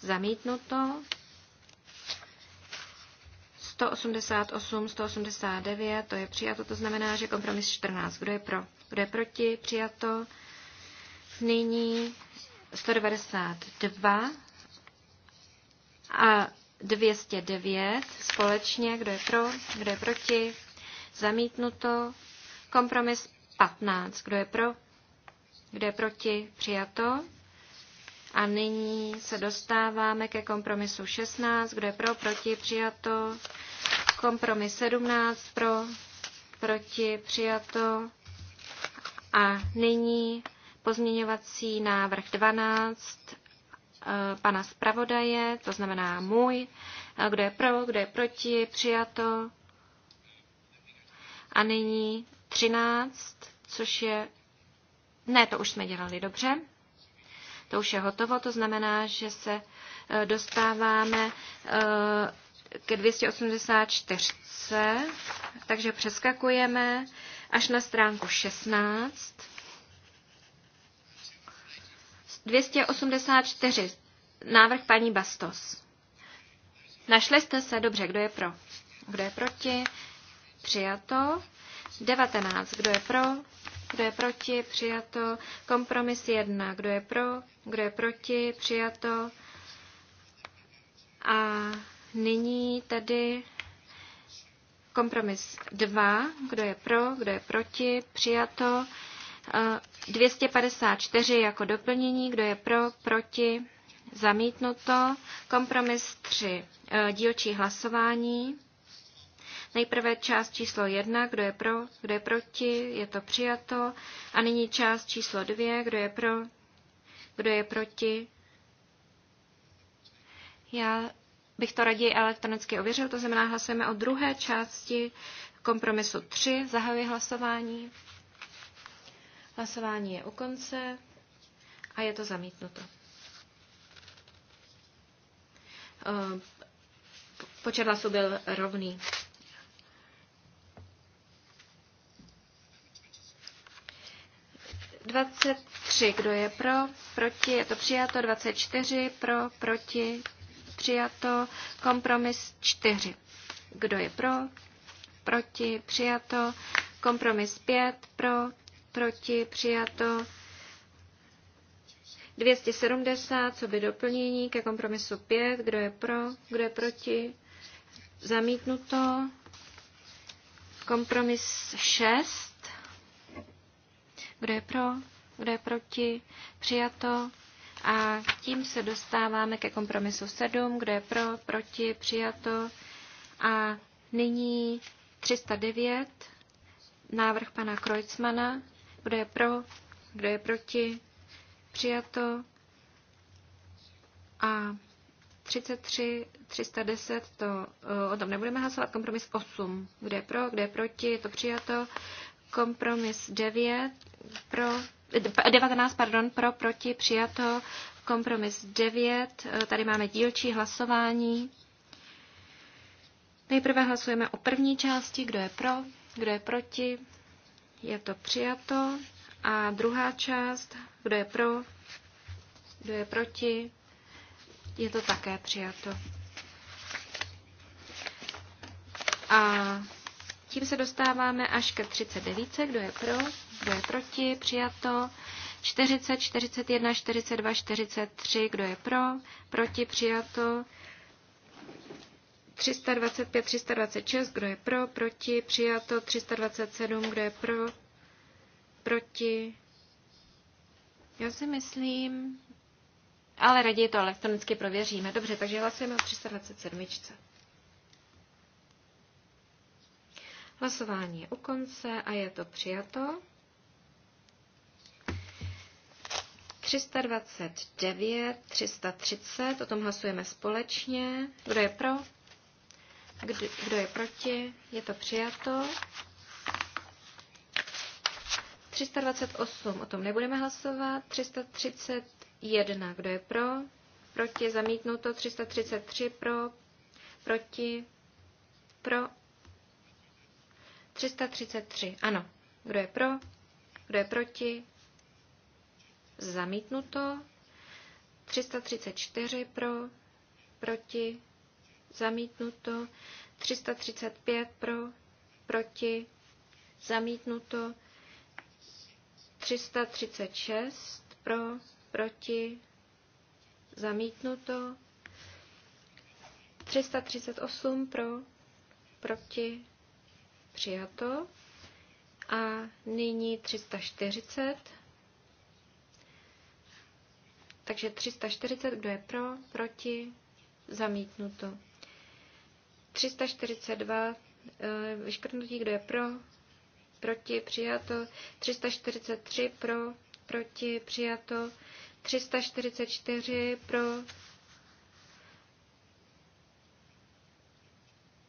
Zamítnuto. 188, 189, to je přijato, to znamená, že kompromis 14. Kdo je pro? Kdo je proti? Přijato. Nyní 192 a 209 společně. Kdo je pro? Kdo je proti? Zamítnuto. Kompromis 15. Kdo je pro? Kdo je proti? Přijato. A nyní se dostáváme ke kompromisu 16. Kdo je pro? Proti? Přijato. Kompromis 17. Pro? Proti? Přijato. A nyní pozměňovací návrh 12 eh, pana zpravodaje, to znamená můj, eh, kdo je pro, kdo je proti, přijato. A nyní 13, což je... Ne, to už jsme dělali dobře. To už je hotovo, to znamená, že se e, dostáváme e, ke 284, takže přeskakujeme až na stránku 16. 284, návrh paní Bastos. Našli jste se, dobře, kdo je pro? Kdo je proti? Přijato. 19. Kdo je pro? Kdo je proti? Přijato. Kompromis 1. Kdo je pro? Kdo je proti? Přijato. A nyní tady kompromis 2. Kdo je pro? Kdo je proti? Přijato. 254 e, jako doplnění. Kdo je pro? Proti? Zamítnuto. Kompromis 3. E, dílčí hlasování. Nejprve část číslo 1, kdo je pro, kdo je proti, je to přijato. A nyní část číslo 2, kdo je pro, kdo je proti. Já bych to raději elektronicky ověřil, to znamená hlasujeme o druhé části kompromisu 3, zahajuji hlasování. Hlasování je u konce a je to zamítnuto. Ehm, počet hlasů byl rovný. 23, kdo je pro, proti, je to přijato. 24, pro, proti, přijato. Kompromis 4, kdo je pro, proti, přijato. Kompromis 5, pro, proti, přijato. 270, co by doplnění ke kompromisu 5, kdo je pro, kdo je proti, zamítnuto. Kompromis 6, kdo je pro? Kdo je proti? Přijato. A tím se dostáváme ke kompromisu 7. Kdo je pro? Proti? Přijato. A nyní 309. Návrh pana Kreutzmana. Kdo je pro? Kdo je proti? Přijato. A 33, 310, to eh, o tom nebudeme hlasovat. Kompromis 8, kde je pro, kde je proti, je to přijato. Kompromis 9, pro, 19 eh, pardon, pro, proti, přijato, kompromis 9, eh, tady máme dílčí hlasování. Nejprve hlasujeme o první části, kdo je pro, kdo je proti, je to přijato. A druhá část, kdo je pro, kdo je proti, je to také přijato. A tím se dostáváme až ke 39, kdo je pro, kdo je proti, přijato. 40, 41, 42, 43, kdo je pro, proti, přijato. 325, 326, kdo je pro, proti, přijato. 327, kdo je pro, proti. Já si myslím, ale raději to elektronicky prověříme. Dobře, takže hlasujeme o 327. Hlasování je u konce a je to přijato. 329, 330, o tom hlasujeme společně. Kdo je pro? Kdo, kdo je proti? Je to přijato. 328, o tom nebudeme hlasovat. 331, kdo je pro? Proti, zamítnuto. 333, pro? Proti? Pro? 333, ano. Kdo je pro? Kdo je proti? zamítnuto. 334 pro, proti, zamítnuto. 335 pro, proti, zamítnuto. 336 pro, proti, zamítnuto. 338 pro, proti, přijato. A nyní 340 takže 340, kdo je pro, proti, zamítnuto. 342, eh, vyškrtnutí, kdo je pro, proti, přijato. 343, pro, proti, přijato. 344, pro,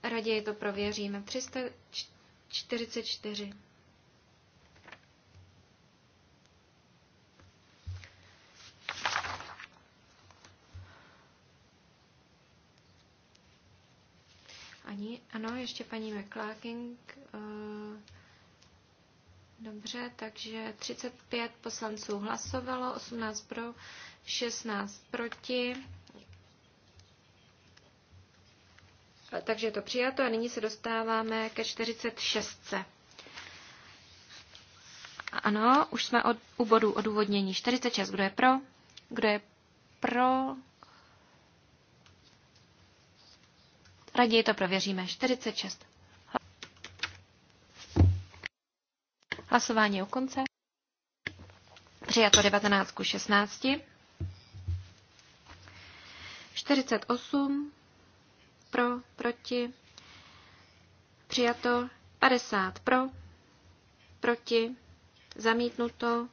raději to prověříme. 344. paní, ano, ještě paní McClarkin. Eh, dobře, takže 35 poslanců hlasovalo, 18 pro, 16 proti. Eh, takže je to přijato a nyní se dostáváme ke 46. Ano, už jsme od, u bodu odůvodnění. 46, kdo je pro? Kdo je pro? Raději to prověříme. 46. Hlasování u konce. Přijato 19 ku 16. 48 pro, proti. Přijato 50 pro, proti. Zamítnuto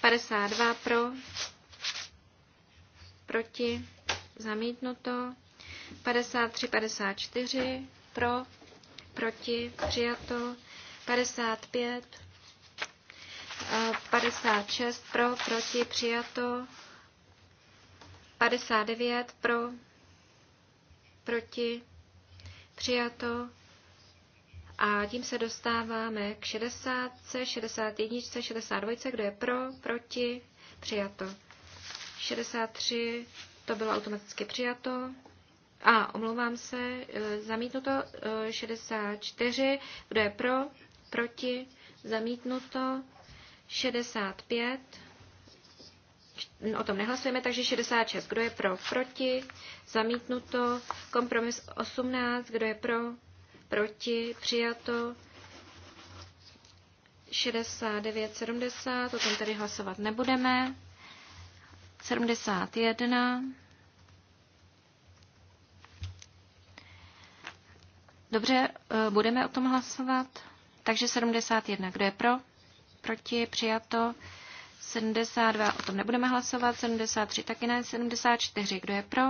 52 pro, proti. Zamítnuto 53, 54 pro, proti, přijato. 55, 56 pro, proti, přijato. 59 pro, proti, přijato. A tím se dostáváme k 60, 61, 62, kdo je pro, proti, přijato. 63, to bylo automaticky přijato. A omlouvám se, e, zamítnuto 64, e, kdo je pro, proti, zamítnuto 65, o tom nehlasujeme, takže 66, kdo je pro, proti, zamítnuto, kompromis 18, kdo je pro, proti, přijato, 69, 70, o tom tedy hlasovat nebudeme, 71, Dobře, eh, budeme o tom hlasovat. Takže 71. Kdo je pro? Proti? Přijato? 72. O tom nebudeme hlasovat. 73. Taky ne. 74. Kdo je pro?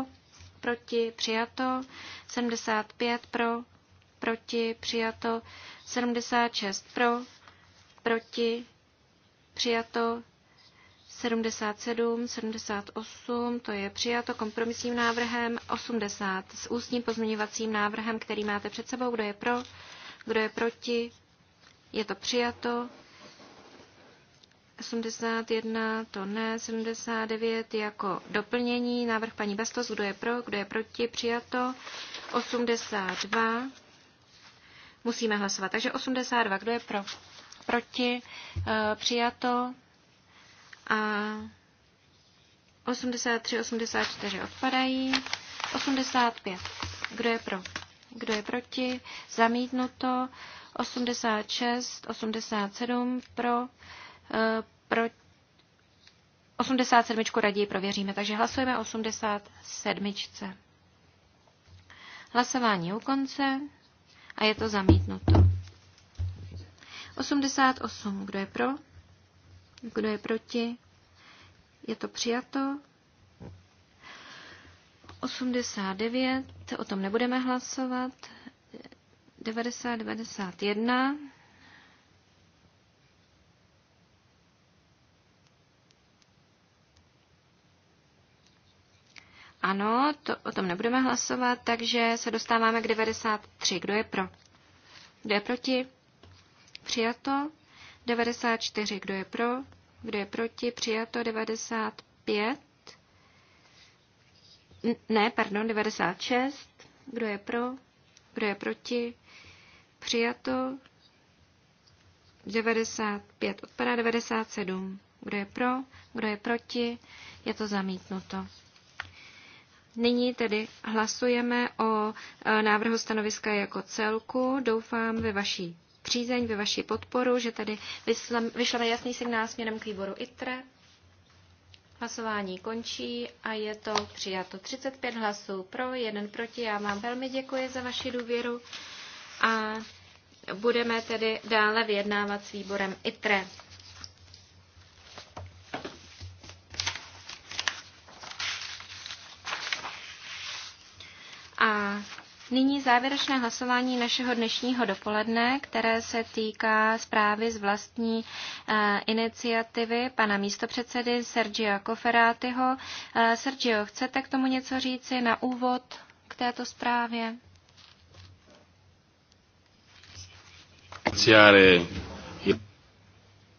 Proti? Přijato? 75. Pro? Proti? Přijato? 76. Pro? Proti? Přijato? 77, 78, to je přijato kompromisním návrhem, 80 s ústním pozměňovacím návrhem, který máte před sebou, kdo je pro, kdo je proti, je to přijato. 81 to ne, 79 jako doplnění, návrh paní Bastos, kdo je pro, kdo je proti, přijato. 82 musíme hlasovat, takže 82, kdo je pro, proti, eh, přijato a 83, 84 odpadají. 85. Kdo je pro? Kdo je proti? Zamítnuto. 86, 87 pro, e, pro 87 raději prověříme, takže hlasujeme 87. Hlasování u konce a je to zamítnuto. 88. Kdo je pro? Kdo je proti? Je to přijato. 89, o tom nebudeme hlasovat. 90, 91. Ano, to, o tom nebudeme hlasovat, takže se dostáváme k 93. Kdo je pro? Kdo je proti? Přijato. 94, kdo je pro, kdo je proti, přijato 95, ne, pardon, 96, kdo je pro, kdo je proti, přijato 95, odpadá 97, kdo je pro, kdo je proti, je to zamítnuto. Nyní tedy hlasujeme o e, návrhu stanoviska jako celku. Doufám ve vaší přízeň, ve vaši podporu, že tady vyšleme jasný signál směrem k výboru ITRE. Hlasování končí a je to přijato 35 hlasů pro, jeden proti. Já vám velmi děkuji za vaši důvěru a budeme tedy dále vyjednávat s výborem ITRE. Nyní závěrečné hlasování našeho dnešního dopoledne, které se týká zprávy z vlastní eh, iniciativy pana místopředsedy Sergio Koferátyho. Eh, Sergio, chcete k tomu něco říci na úvod k této zprávě?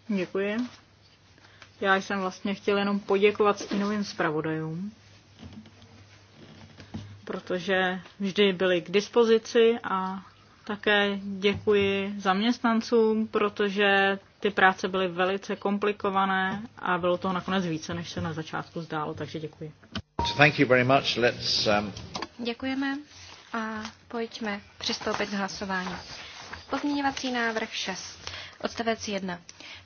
Děkuji. Já jsem vlastně chtěl jenom poděkovat stínovým zpravodajům protože vždy byli k dispozici a také děkuji zaměstnancům, protože ty práce byly velice komplikované a bylo to nakonec více, než se na začátku zdálo, takže děkuji. Thank you very much. Let's, um... Děkujeme a pojďme přistoupit k hlasování. Pozměňovací návrh 6, odstavec 1.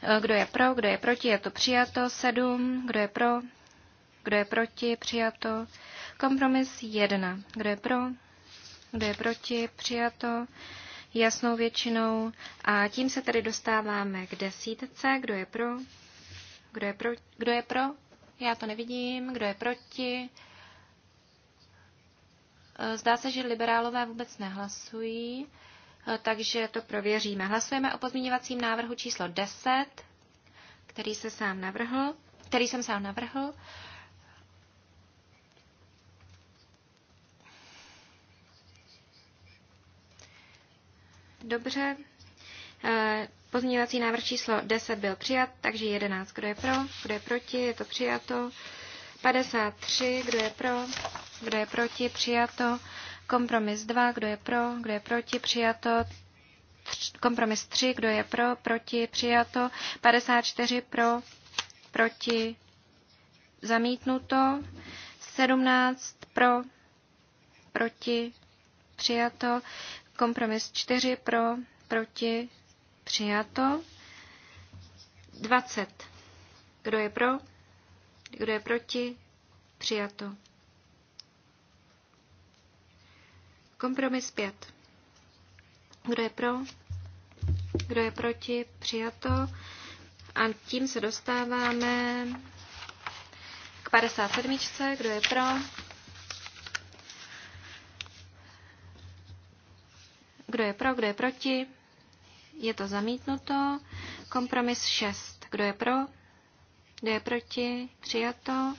Eh, kdo je pro, kdo je proti, je to přijato. 7, kdo je pro, kdo je proti, přijato. Kompromis 1. Kdo je pro? Kdo je proti? Přijato jasnou většinou. A tím se tedy dostáváme k desítce. Kdo je pro? Kdo je pro? Kdo je pro? Já to nevidím. Kdo je proti? Zdá se, že liberálové vůbec nehlasují, takže to prověříme. Hlasujeme o pozměňovacím návrhu číslo 10, který, se sám navrhl, který jsem sám navrhl. Dobře. Eh, pozměňovací návrh číslo 10 byl přijat, takže 11. Kdo je pro? Kdo je proti? Je to přijato. 53. Kdo je pro? Kdo je proti? Přijato. Kompromis 2. Kdo je pro? Kdo je proti? Přijato. Kompromis 3. Kdo je pro? Proti? Přijato. 54. Pro? Proti? Zamítnuto. 17. Pro? Proti? Přijato. Kompromis 4 pro, proti, přijato. 20. Kdo je pro? Kdo je proti? Přijato. Kompromis 5. Kdo je pro? Kdo je proti? Přijato. A tím se dostáváme k 57. Kdo je pro? Kdo je pro, kdo je proti? Je to zamítnuto. Kompromis 6. Kdo je pro? Kdo je proti? Přijato.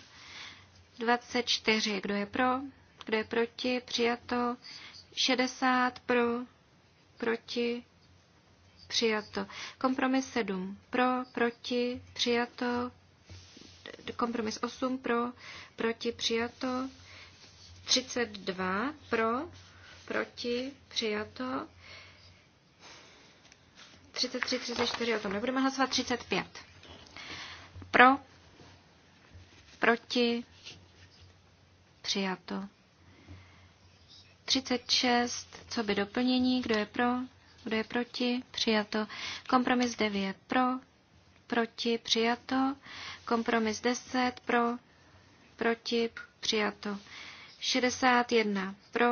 24. Kdo je pro? Kdo je proti? Přijato. 60 pro, proti, přijato. Kompromis 7 pro, proti, přijato. Kompromis 8 pro, proti, přijato. 32 pro, proti, přijato. 33, 34, o tom nebudeme hlasovat. 35. Pro, proti, přijato. 36, co by doplnění, kdo je pro, kdo je proti, přijato. Kompromis 9, pro, proti, přijato. Kompromis 10, pro, proti, přijato. 61, pro,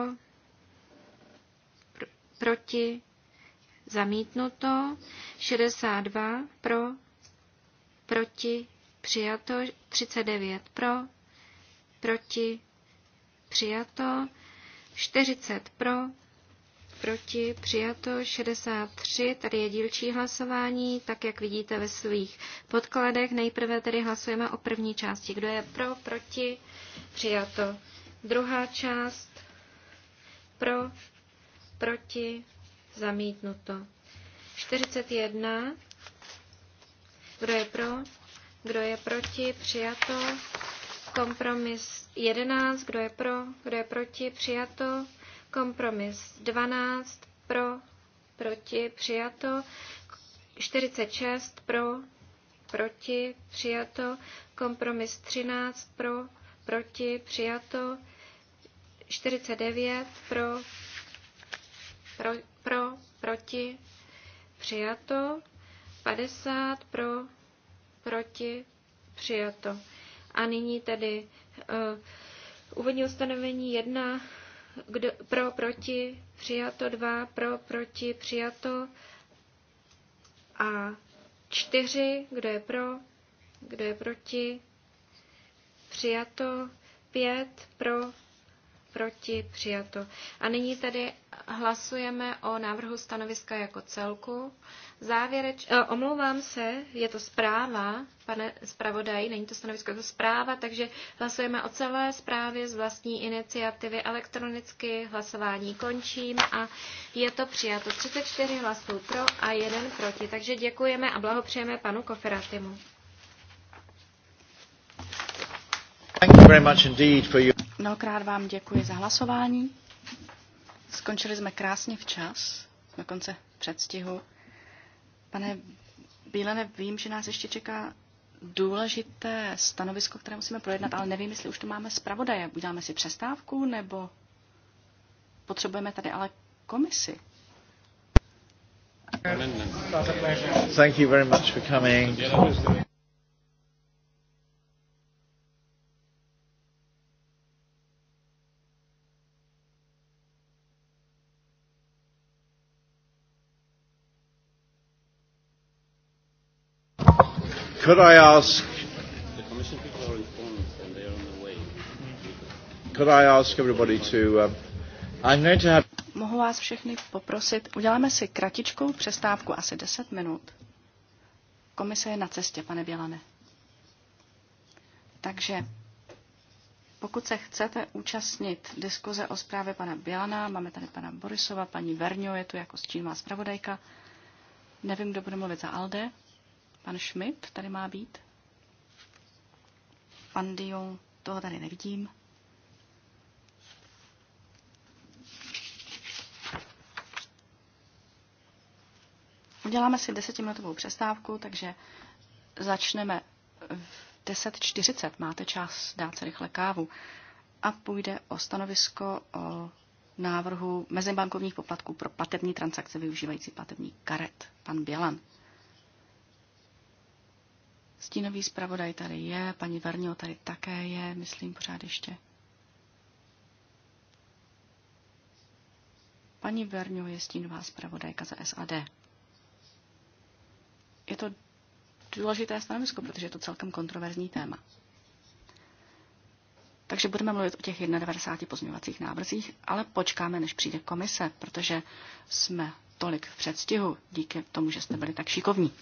proti, zamítnuto, 62 pro, proti, přijato, 39 pro, proti, přijato, 40 pro, proti, přijato 63, tady je dílčí hlasování, tak jak vidíte ve svých podkladech. Nejprve tedy hlasujeme o první části. Kdo je pro, proti, přijato. Druhá část, pro, proti, zamítnuto. 41, kdo je pro, kdo je proti, přijato. Kompromis 11, kdo je pro, kdo je proti, přijato. Kompromis 12, pro, proti, přijato. 46, pro, proti, přijato. Kompromis 13, pro, proti, přijato. 49, pro, pro, pro proti, přijato. 50 pro, proti, přijato. A nyní tedy uh, úvodní ustanovení 1, kdo, pro, proti, přijato, 2, pro, proti, přijato a 4, kdo je pro, kdo je proti, přijato, 5, pro, proti, přijato. A nyní tedy hlasujeme o návrhu stanoviska jako celku. Závěreč, eh, omlouvám se, je to zpráva, pane zpravodaj, není to stanovisko jako zpráva, takže hlasujeme o celé zprávě z vlastní iniciativy elektronicky, hlasování končím a je to přijato 34 hlasů pro a jeden proti. Takže děkujeme a blahopřejeme panu Koferatimu. Thank you very much indeed for your... Mnohokrát vám děkuji za hlasování. Skončili jsme krásně včas, dokonce předstihu. Pane Bílene, vím, že nás ještě čeká důležité stanovisko, které musíme projednat, ale nevím, jestli už to máme zpravodaje. Uděláme si přestávku, nebo potřebujeme tady ale komisi. Thank you very much for coming. Could I ask? The commission people are informed and they are on the way. Could I ask everybody to? uh, I'm going to have. Mohu vás všechny poprosit, uděláme si kratičkou přestávku asi 10 minut. Komise je na cestě, pane Bělane. Takže pokud se chcete účastnit diskuze o zprávě pana Bělana, máme tady pana Borisova, paní Verňo je tu jako stínová zpravodajka. Nevím, kdo bude mluvit za Alde. Pan Schmidt tady má být. Pan Dion, toho tady nevidím. Uděláme si desetiminutovou přestávku, takže začneme v 10.40. Máte čas dát se rychle kávu. A půjde o stanovisko o návrhu mezibankovních poplatků pro platební transakce využívající platební karet. Pan Bělan. Stínový zpravodaj tady je, paní Varnio tady také je, myslím pořád ještě. Paní Verňo je stínová zpravodajka za SAD. Je to důležité stanovisko, protože je to celkem kontroverzní téma. Takže budeme mluvit o těch 91 pozměňovacích návrzích, ale počkáme, než přijde komise, protože jsme tolik v předstihu díky tomu, že jste byli tak šikovní.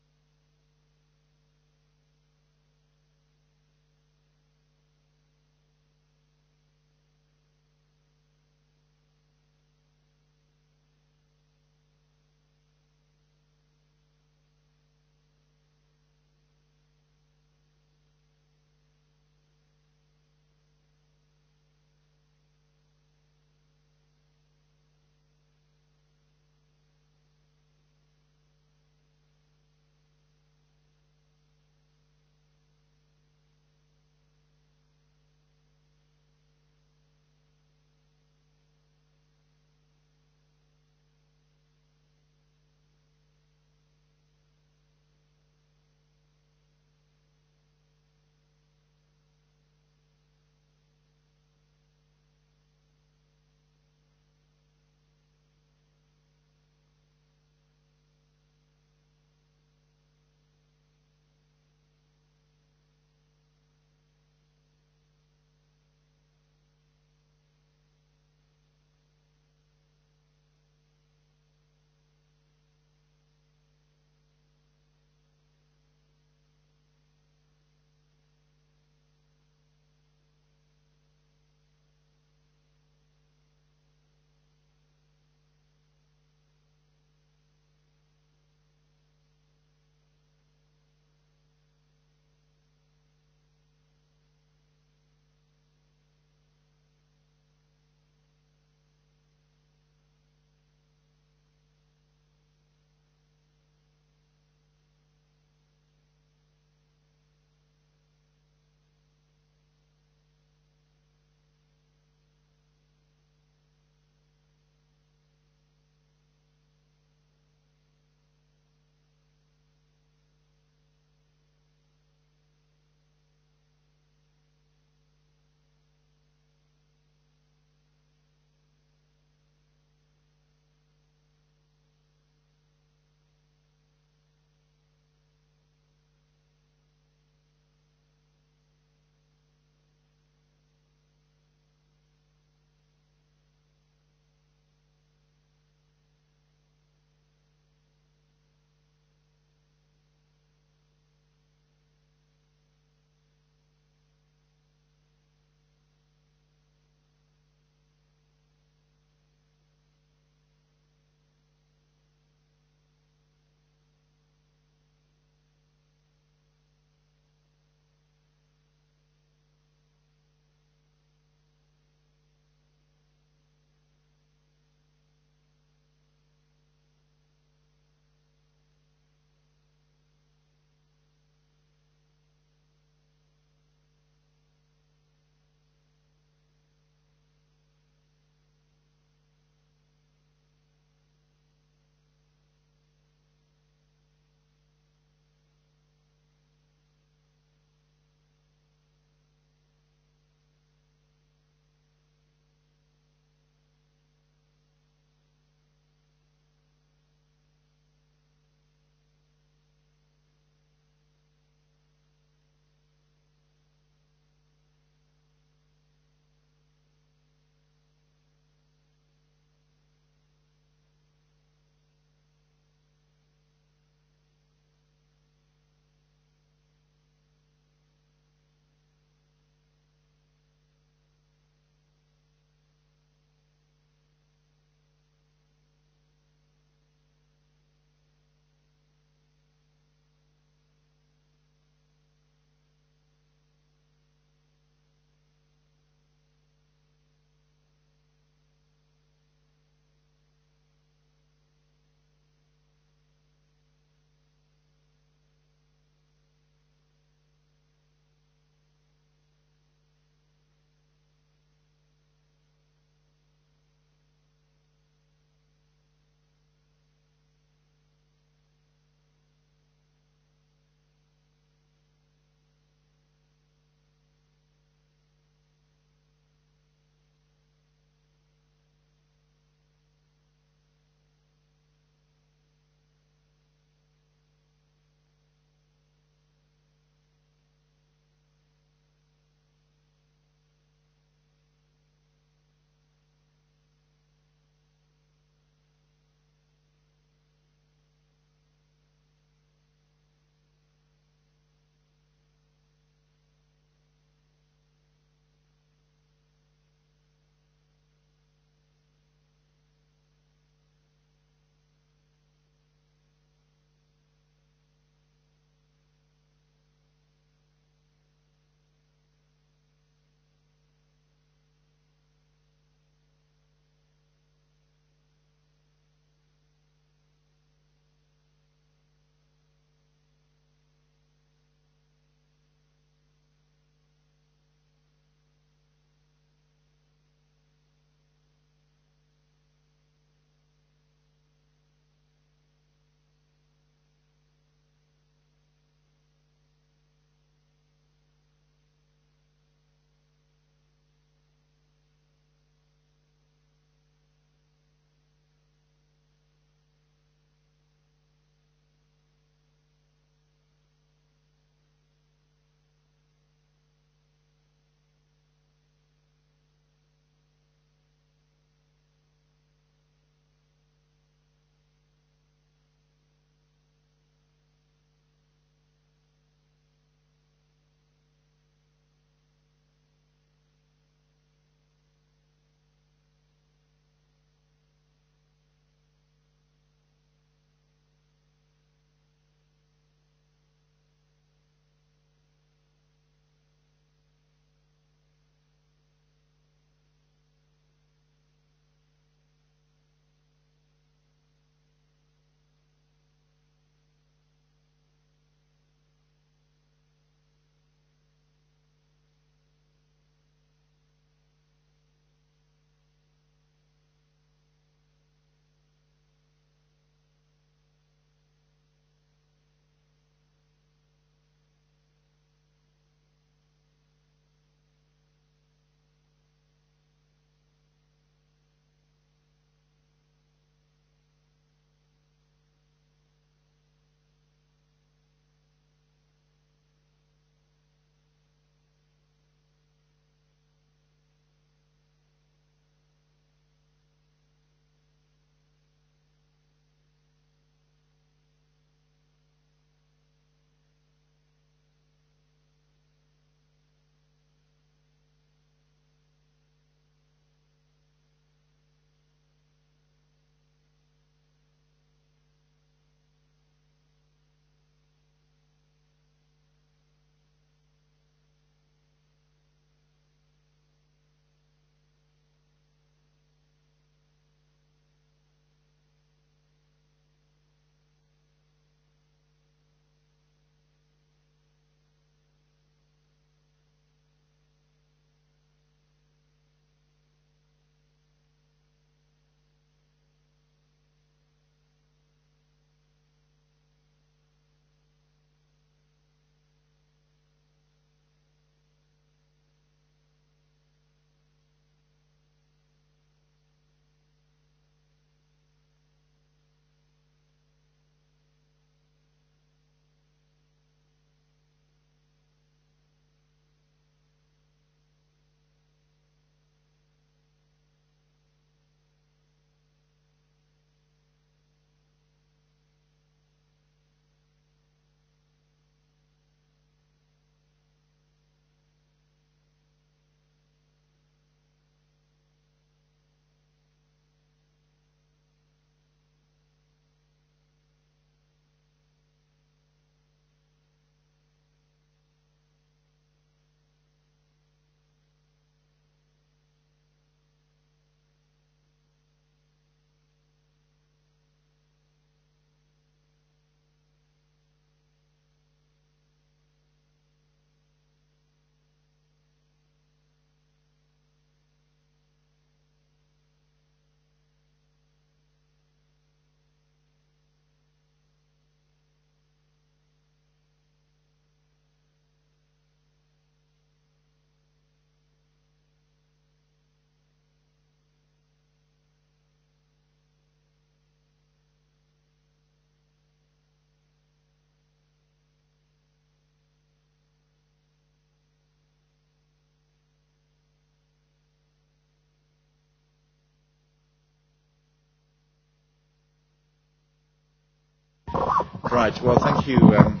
Right. Well, thank you um,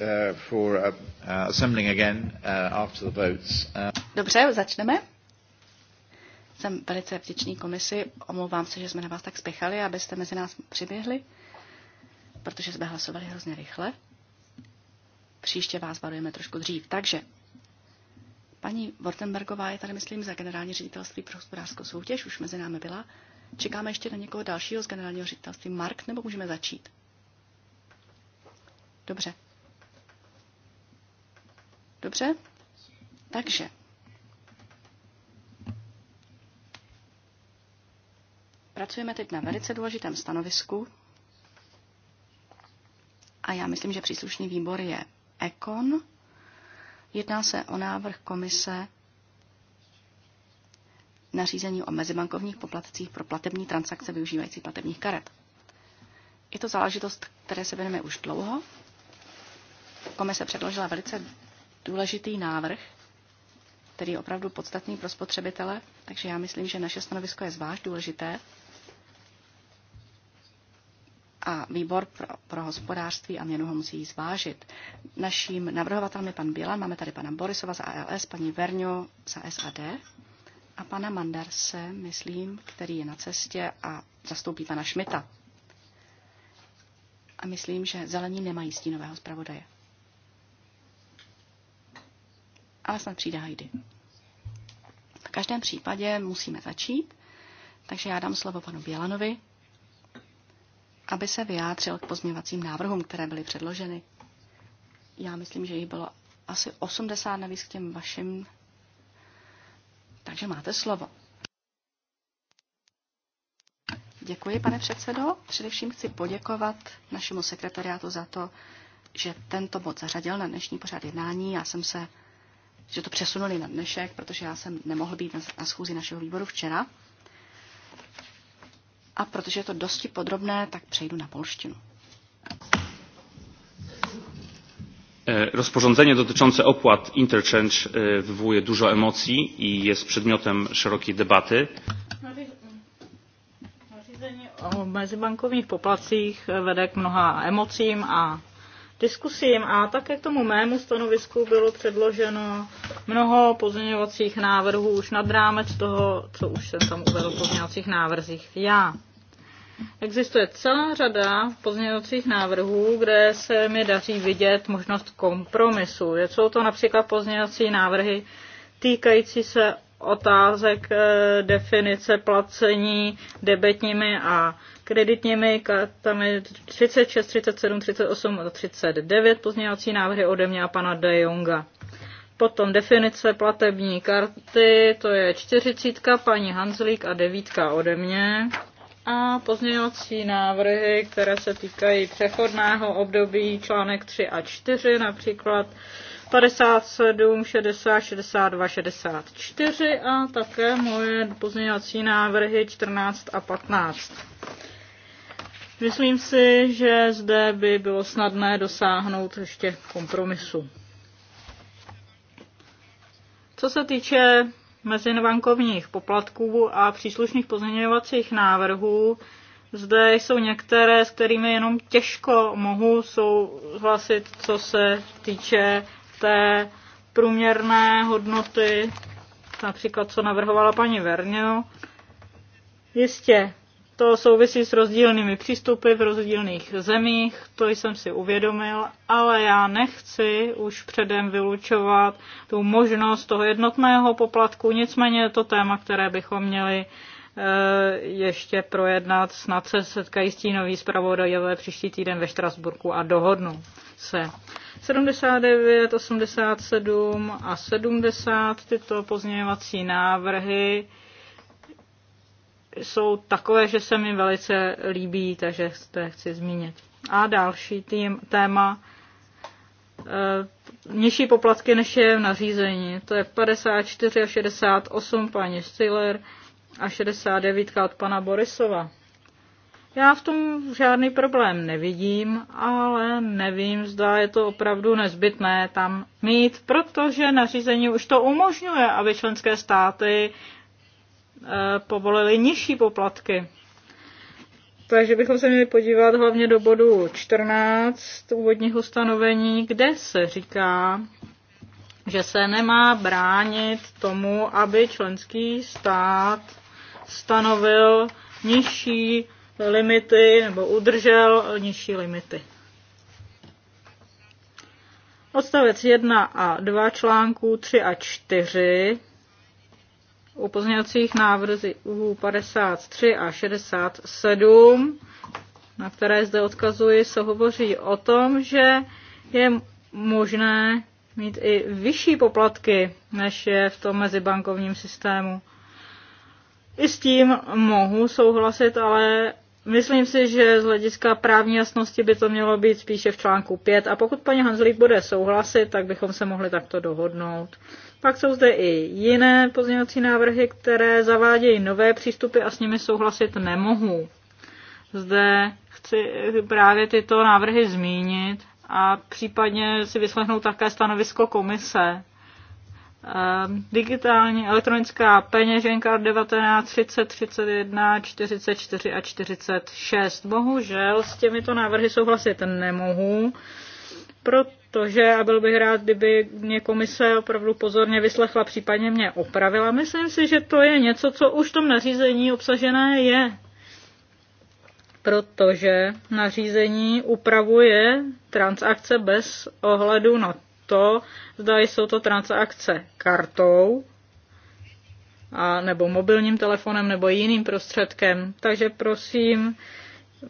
uh, for uh, uh, assembling again uh, after the votes. Uh... Dobře, začneme. Jsem velice vděčný komisi. Omlouvám se, že jsme na vás tak spěchali, abyste mezi nás přiběhli, protože jsme hlasovali hrozně rychle. Příště vás varujeme trošku dřív. Takže paní Wortenbergová je tady, myslím, za generální ředitelství pro hospodářskou soutěž, už mezi námi byla. Čekáme ještě na někoho dalšího z generálního ředitelství. Mark, nebo můžeme začít? Dobře. Dobře? Takže. Pracujeme teď na velice důležitém stanovisku a já myslím, že příslušný výbor je ECON. Jedná se o návrh komise nařízení o mezibankovních poplatcích pro platební transakce využívající platebních karet. Je to záležitost, které se věnujeme už dlouho komise předložila velice důležitý návrh, který je opravdu podstatný pro spotřebitele, takže já myslím, že naše stanovisko je zvlášť důležité. A výbor pro, pro hospodářství a měnu ho musí zvážit. Naším navrhovatelem je pan Bělan, máme tady pana Borisova za ALS, paní Verňo za SAD a pana Mandarse, myslím, který je na cestě a zastoupí pana Šmita. A myslím, že zelení nemají stínového zpravodaje. ale snad přijde Heidi. V každém případě musíme začít, takže já dám slovo panu Bělanovi, aby se vyjádřil k pozměvacím návrhům, které byly předloženy. Já myslím, že jich bylo asi 80 navíc k těm vašim. Takže máte slovo. Děkuji, pane předsedo. Především chci poděkovat našemu sekretariátu za to, že tento bod zařadil na dnešní pořad jednání. Já jsem se že to přesunuli na dnešek, protože já jsem nemohl být na, na schůzi našeho výboru včera. A protože je to dosti podrobné, tak přejdu na polštinu. E, rozporządzenie dotyczące opłat interchange e, wywołuje dużo emocji i jest przedmiotem szerokiej debaty. Nařízení o mezibankovních poplacích vede k mnoha emocím a diskusím a také k tomu mému stanovisku bylo předloženo mnoho pozměňovacích návrhů už nad rámec toho, co už jsem tam uvedl v pozměňovacích návrzích já. Existuje celá řada pozměňovacích návrhů, kde se mi daří vidět možnost kompromisu. Jsou to například pozměňovací návrhy týkající se otázek eh, definice placení debetními a kreditními kartami 36, 37, 38 a 39 pozměňovací návrhy ode mě a pana De Jonga. Potom definice platební karty, to je čtyřicítka, paní Hanzlík a devítka ode mě. A pozměňovací návrhy, které se týkají přechodného období článek 3 a 4, například 57, 60, 62, 64 a také moje pozměňovací návrhy 14 a 15. Myslím si, že zde by bylo snadné dosáhnout ještě kompromisu. Co se týče mezibankovních poplatků a příslušných pozměňovacích návrhů, zde jsou některé, s kterými jenom těžko mohu souhlasit, co se týče té průměrné hodnoty, například co navrhovala paní Vernio. Jistě, to souvisí s rozdílnými přístupy v rozdílných zemích, to jsem si uvědomil, ale já nechci už předem vylučovat tu možnost toho jednotného poplatku, nicméně je to téma, které bychom měli eh, ještě projednat. Snad se setkají stínoví zpravodajové příští týden ve Štrasburku a dohodnu se. 79, 87 a 70 tyto pozměňovací návrhy jsou takové, že se mi velice líbí, takže to chci zmínit. A další tým, téma e, nižší poplatky, než je v nařízení. To je 54 a 68 paní Stiller a 69 od pana Borisova. Já v tom žádný problém nevidím, ale nevím, zda je to opravdu nezbytné tam mít, protože nařízení už to umožňuje, aby členské státy Eh, povolili nižší poplatky. Takže bychom se měli podívat hlavně do bodu 14 úvodního stanovení, kde se říká, že se nemá bránit tomu, aby členský stát stanovil nižší limity nebo udržel nižší limity. Odstavec 1 a 2 článků 3 a 4 u pozměňovacích u 53 a 67, na které zde odkazuji, se hovoří o tom, že je možné mít i vyšší poplatky, než je v tom mezibankovním systému. I s tím mohu souhlasit, ale myslím si, že z hlediska právní jasnosti by to mělo být spíše v článku 5. A pokud paní Hanzlík bude souhlasit, tak bychom se mohli takto dohodnout. Pak jsou zde i jiné pozměňovací návrhy, které zavádějí nové přístupy a s nimi souhlasit nemohu. Zde chci právě tyto návrhy zmínit a případně si vyslechnout také stanovisko komise. Ehm, digitální elektronická peněženka 19, 30, 31, 44 a 46. Bohužel s těmito návrhy souhlasit nemohu protože, a byl bych rád, kdyby mě komise opravdu pozorně vyslechla, případně mě opravila, myslím si, že to je něco, co už v tom nařízení obsažené je. Protože nařízení upravuje transakce bez ohledu na to, zda jsou to transakce kartou, a nebo mobilním telefonem nebo jiným prostředkem. Takže prosím,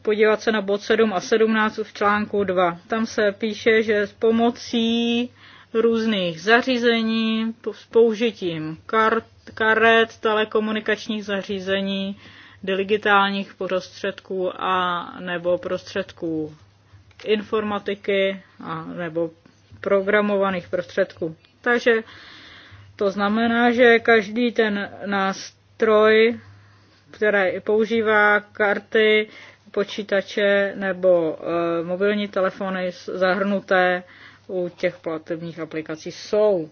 podívat se na bod 7 a 17 v článku 2. Tam se píše, že s pomocí různých zařízení, s použitím kart, karet, telekomunikačních zařízení, digitálních prostředků a nebo prostředků informatiky a nebo programovaných prostředků. Takže to znamená, že každý ten nástroj, který používá karty, počítače nebo eh, mobilní telefony zahrnuté u těch platebních aplikací jsou.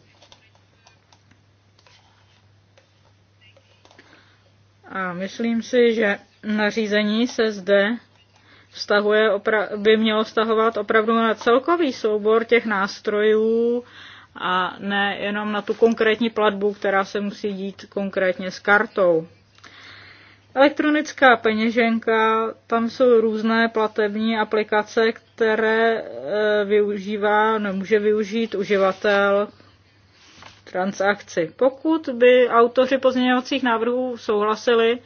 A myslím si, že nařízení se zde vztahuje by mělo vztahovat opravdu na celkový soubor těch nástrojů a ne jenom na tu konkrétní platbu, která se musí dít konkrétně s kartou. Elektronická peněženka, tam jsou různé platební aplikace, které eh, využívá, nemůže využít uživatel transakci. Pokud by autoři pozměňovacích návrhů souhlasili,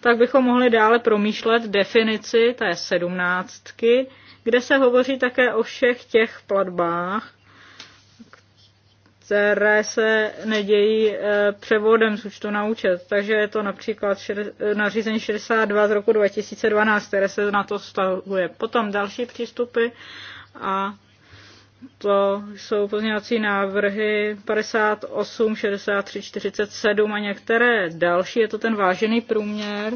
tak bychom mohli dále promýšlet definici té sedmnáctky, kde se hovoří také o všech těch platbách, které se nedějí eh, převodem z účtu na účet. Takže je to například eh, nařízení 62 z roku 2012, které se na to vztahuje. Potom další přístupy a to jsou pozměňovací návrhy 58, 63, 47 a některé další. Je to ten vážený průměr.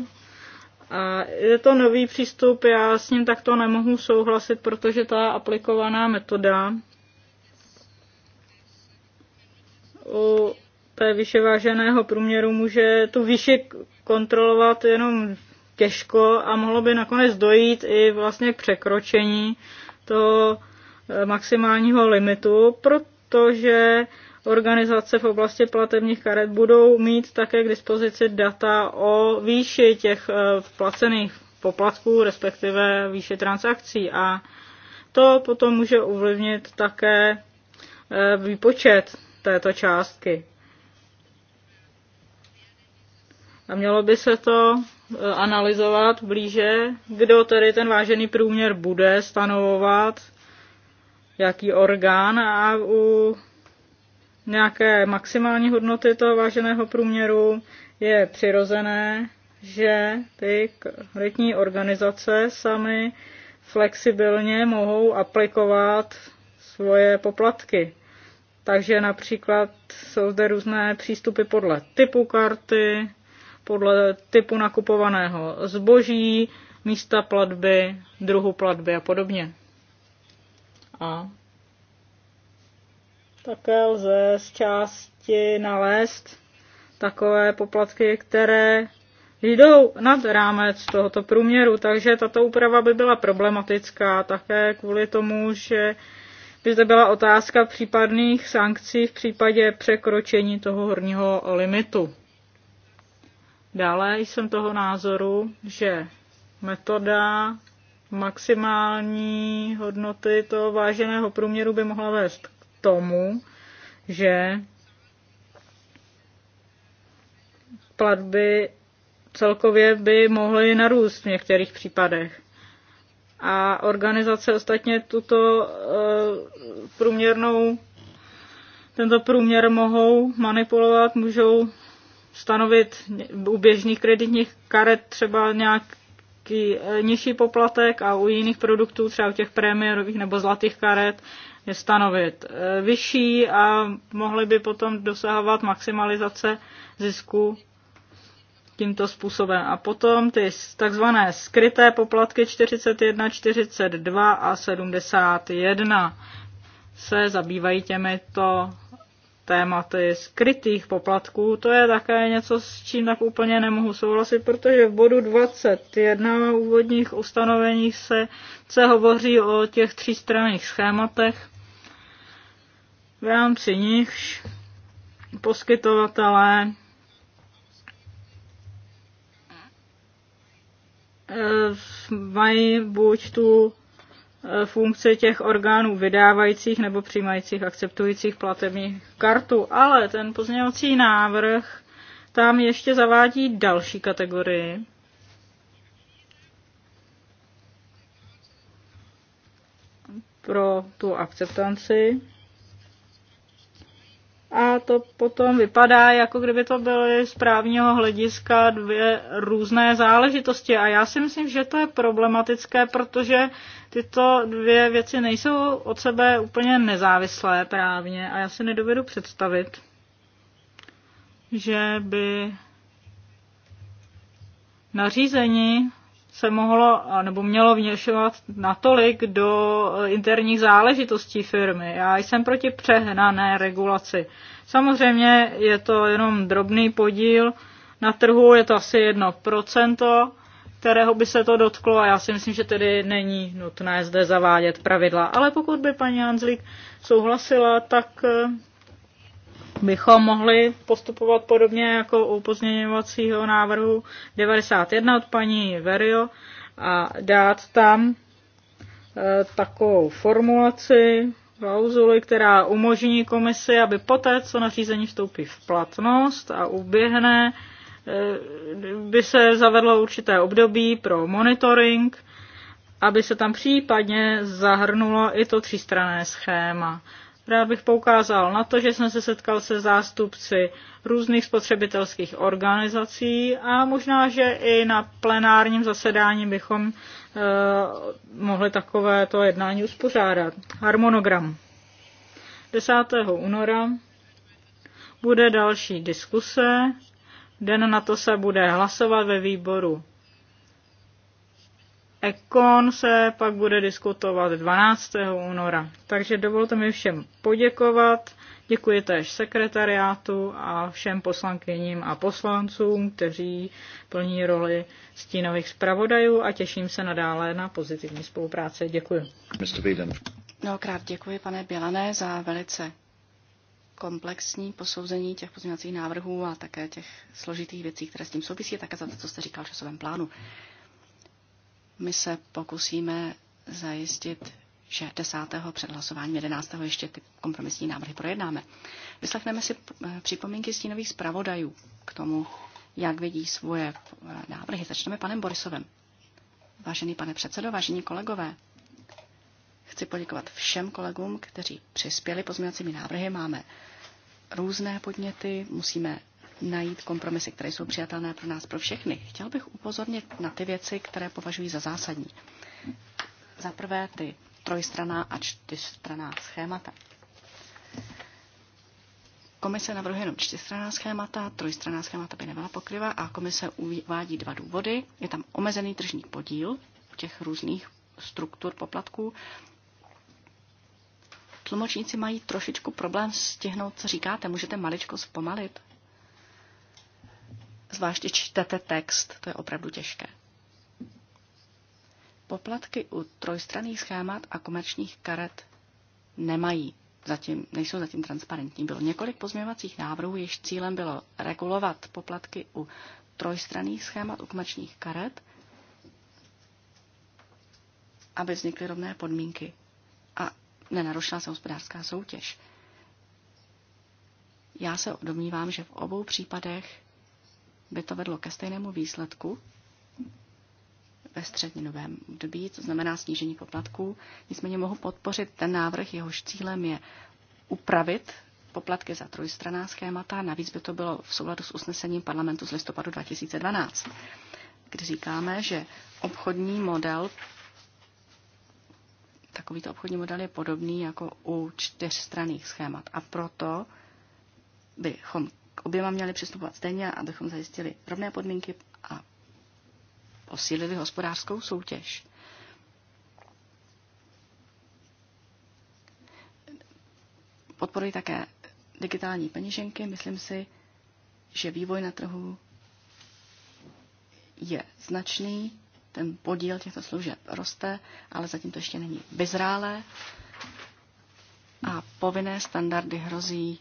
A je to nový přístup, já s ním takto nemohu souhlasit, protože ta aplikovaná metoda u té vyše váženého průměru může tu výši kontrolovat jenom těžko a mohlo by nakonec dojít i vlastně k překročení toho eh, maximálního limitu, protože organizace v oblasti platebních karet budou mít také k dispozici data o výši těch eh, placených poplatků, respektive výši transakcí a to potom může ovlivnit také eh, výpočet této částky. A mělo by se to eh, analyzovat blíže, kdo tedy ten vážený průměr bude stanovovat, jaký orgán a u nějaké maximální hodnoty toho váženého průměru je přirozené, že ty kvalitní organizace sami flexibilně mohou aplikovat svoje poplatky. Takže například jsou zde různé přístupy podle typu karty, podle typu nakupovaného zboží, místa platby, druhu platby a podobně. A také lze z části nalézt takové poplatky, které jdou nad rámec tohoto průměru, takže tato úprava by byla problematická také kvůli tomu, že by zde byla otázka případných sankcí v případě překročení toho horního limitu. Dále jsem toho názoru, že metoda maximální hodnoty toho váženého průměru by mohla vést k tomu, že platby celkově by mohly narůst v některých případech a organizace ostatně tuto eh, průměrnou, tento průměr mohou manipulovat, můžou stanovit u běžných kreditních karet třeba nějaký eh, nižší poplatek a u jiných produktů, třeba u těch premiérových nebo zlatých karet, je stanovit eh, vyšší a mohli by potom dosahovat maximalizace zisku tímto způsobem. A potom ty takzvané skryté poplatky 41, 42 a 71 se zabývají těmito tématy skrytých poplatků. To je také něco, s čím tak úplně nemohu souhlasit, protože v bodu 21 úvodních ustanoveních se, se hovoří o těch třístranných schématech. V rámci nichž poskytovatelé Eh, mají buď tu eh, funkci těch orgánů vydávajících nebo přijímajících, akceptujících platební kartu. Ale ten pozměňovací návrh tam ještě zavádí další kategorii. pro tu akceptanci a to potom vypadá, jako kdyby to byly z právního hlediska dvě různé záležitosti. A já si myslím, že to je problematické, protože tyto dvě věci nejsou od sebe úplně nezávislé právně a já si nedovedu představit, že by nařízení se mohlo nebo mělo vněšovat natolik do interních záležitostí firmy. Já jsem proti přehnané regulaci. Samozřejmě je to jenom drobný podíl na trhu, je to asi jedno procento, kterého by se to dotklo a já si myslím, že tedy není nutné zde zavádět pravidla. Ale pokud by paní Hanzlík souhlasila, tak eh, bychom mohli postupovat podobně jako u pozměňovacího návrhu 91 od paní Verio a dát tam eh, takovou formulaci, klauzuly, která umožní komisi, aby poté, co nařízení vstoupí v platnost a uběhne, eh, by se zavedlo určité období pro monitoring, aby se tam případně zahrnulo i to třístrané schéma. Rád bych poukázal na to, že jsem se setkal se zástupci různých spotřebitelských organizací a možná, že i na plenárním zasedání bychom eh, mohli takovéto jednání uspořádat. Harmonogram. 10. února bude další diskuse. Den na to se bude hlasovat ve výboru Ekon se pak bude diskutovat 12. února. Takže dovolte mi všem poděkovat. Děkuji též sekretariátu a všem poslankyním a poslancům, kteří plní roli stínových zpravodajů a těším se nadále na pozitivní spolupráci. Děkuji. Mnohokrát děkuji, pane Bělané, za velice komplexní posouzení těch pozměňovacích návrhů a také těch složitých věcí, které s tím souvisí, také za to, co jste říkal v časovém plánu. My se pokusíme zajistit, že 10. před hlasováním 11. ještě ty kompromisní návrhy projednáme. Vyslechneme si eh, připomínky stínových zpravodajů k tomu, jak vidí svoje eh, návrhy. Začneme panem Borisovem. Vážený pane předsedo, vážení kolegové, chci poděkovat všem kolegům, kteří přispěli pozměňovacími návrhy. Máme různé podněty, musíme najít kompromisy, které jsou přijatelné pro nás, pro všechny. Chtěl bych upozornit na ty věci, které považuji za zásadní. Za prvé ty trojstraná a čtyřstraná schémata. Komise navrhuje jenom čtyřstraná schémata, trojstraná schémata by nebyla pokryva a komise uvádí dva důvody. Je tam omezený tržní podíl u těch různých struktur poplatků. Tlumočníci mají trošičku problém stihnout, co říkáte. Můžete maličko zpomalit? Zvláště čtete text, to je opravdu těžké. Poplatky u trojstranných schémat a komerčních karet nemají zatím, nejsou zatím transparentní. Bylo několik pozměňovacích návrhů, jež cílem bylo regulovat poplatky u trojstranných schémat u komerčních karet, aby vznikly rovné podmínky a nenarušila se hospodářská soutěž. Já se domnívám, že v obou případech by to vedlo ke stejnému výsledku ve střednědobém období, co znamená snížení poplatků. Nicméně mohu podpořit ten návrh, jehož cílem je upravit poplatky za trojstraná schémata. Navíc by to bylo v souladu s usnesením parlamentu z listopadu 2012, kdy říkáme, že obchodní model takovýto obchodní model je podobný jako u čtyřstranných schémat. A proto bychom k oběma měli přistupovat stejně, abychom zajistili rovné podmínky a posílili hospodářskou soutěž. Podporují také digitální peněženky. Myslím si, že vývoj na trhu je značný, ten podíl těchto služeb roste, ale zatím to ještě není vyzrálé a povinné standardy hrozí,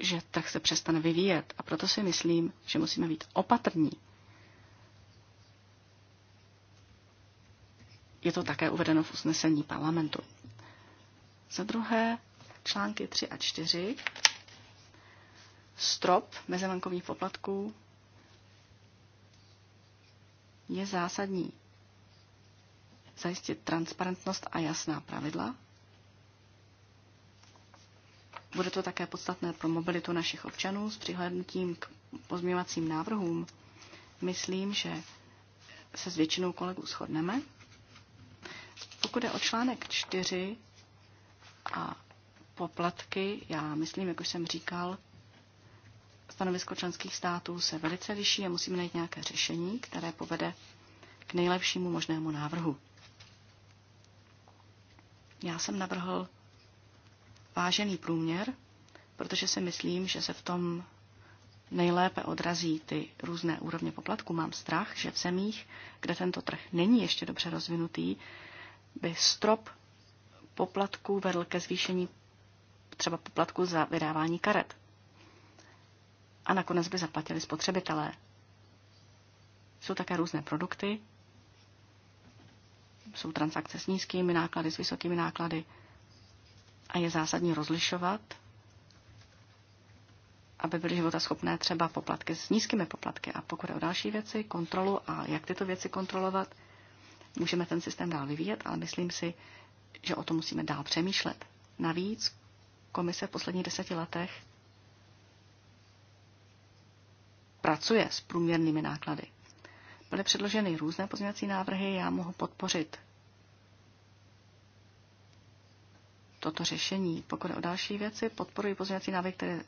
že trh se přestane vyvíjet. A proto si myslím, že musíme být opatrní. Je to také uvedeno v usnesení parlamentu. Za druhé, články 3 a 4, strop mezibankovních poplatků je zásadní. Zajistit transparentnost a jasná pravidla bude to také podstatné pro mobilitu našich občanů s přihlédnutím k pozměňovacím návrhům. Myslím, že se s většinou kolegů shodneme. Pokud je o článek 4 a poplatky, já myslím, jak už jsem říkal, stanovisko členských států se velice liší a musíme najít nějaké řešení, které povede k nejlepšímu možnému návrhu. Já jsem navrhl vážený průměr, protože si myslím, že se v tom nejlépe odrazí ty různé úrovně poplatku. Mám strach, že v zemích, kde tento trh není ještě dobře rozvinutý, by strop poplatků vedl ke zvýšení třeba poplatku za vydávání karet. A nakonec by zaplatili spotřebitelé. Jsou také různé produkty, jsou transakce s nízkými náklady, s vysokými náklady. A je zásadní rozlišovat, aby byly schopné třeba poplatky s nízkými poplatky. A pokud je o další věci, kontrolu a jak tyto věci kontrolovat, můžeme ten systém dál vyvíjet, ale myslím si, že o tom musíme dál přemýšlet. Navíc komise v posledních deseti letech pracuje s průměrnými náklady. Byly předloženy různé pozměňovací návrhy, já mohu podpořit toto řešení. Pokud o další věci, podporuji pozměňovací návrhy, které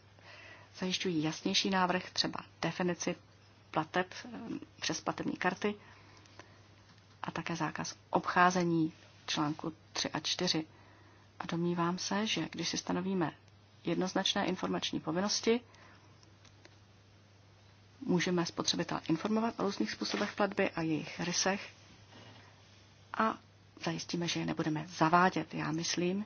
zajišťují jasnější návrh, třeba definici plateb eh, přes platební karty a také zákaz obcházení článku 3 a 4. A domnívám se, že když si stanovíme jednoznačné informační povinnosti, můžeme spotřebitele informovat o různých způsobech platby a jejich rysech a zajistíme, že je nebudeme zavádět. Já myslím,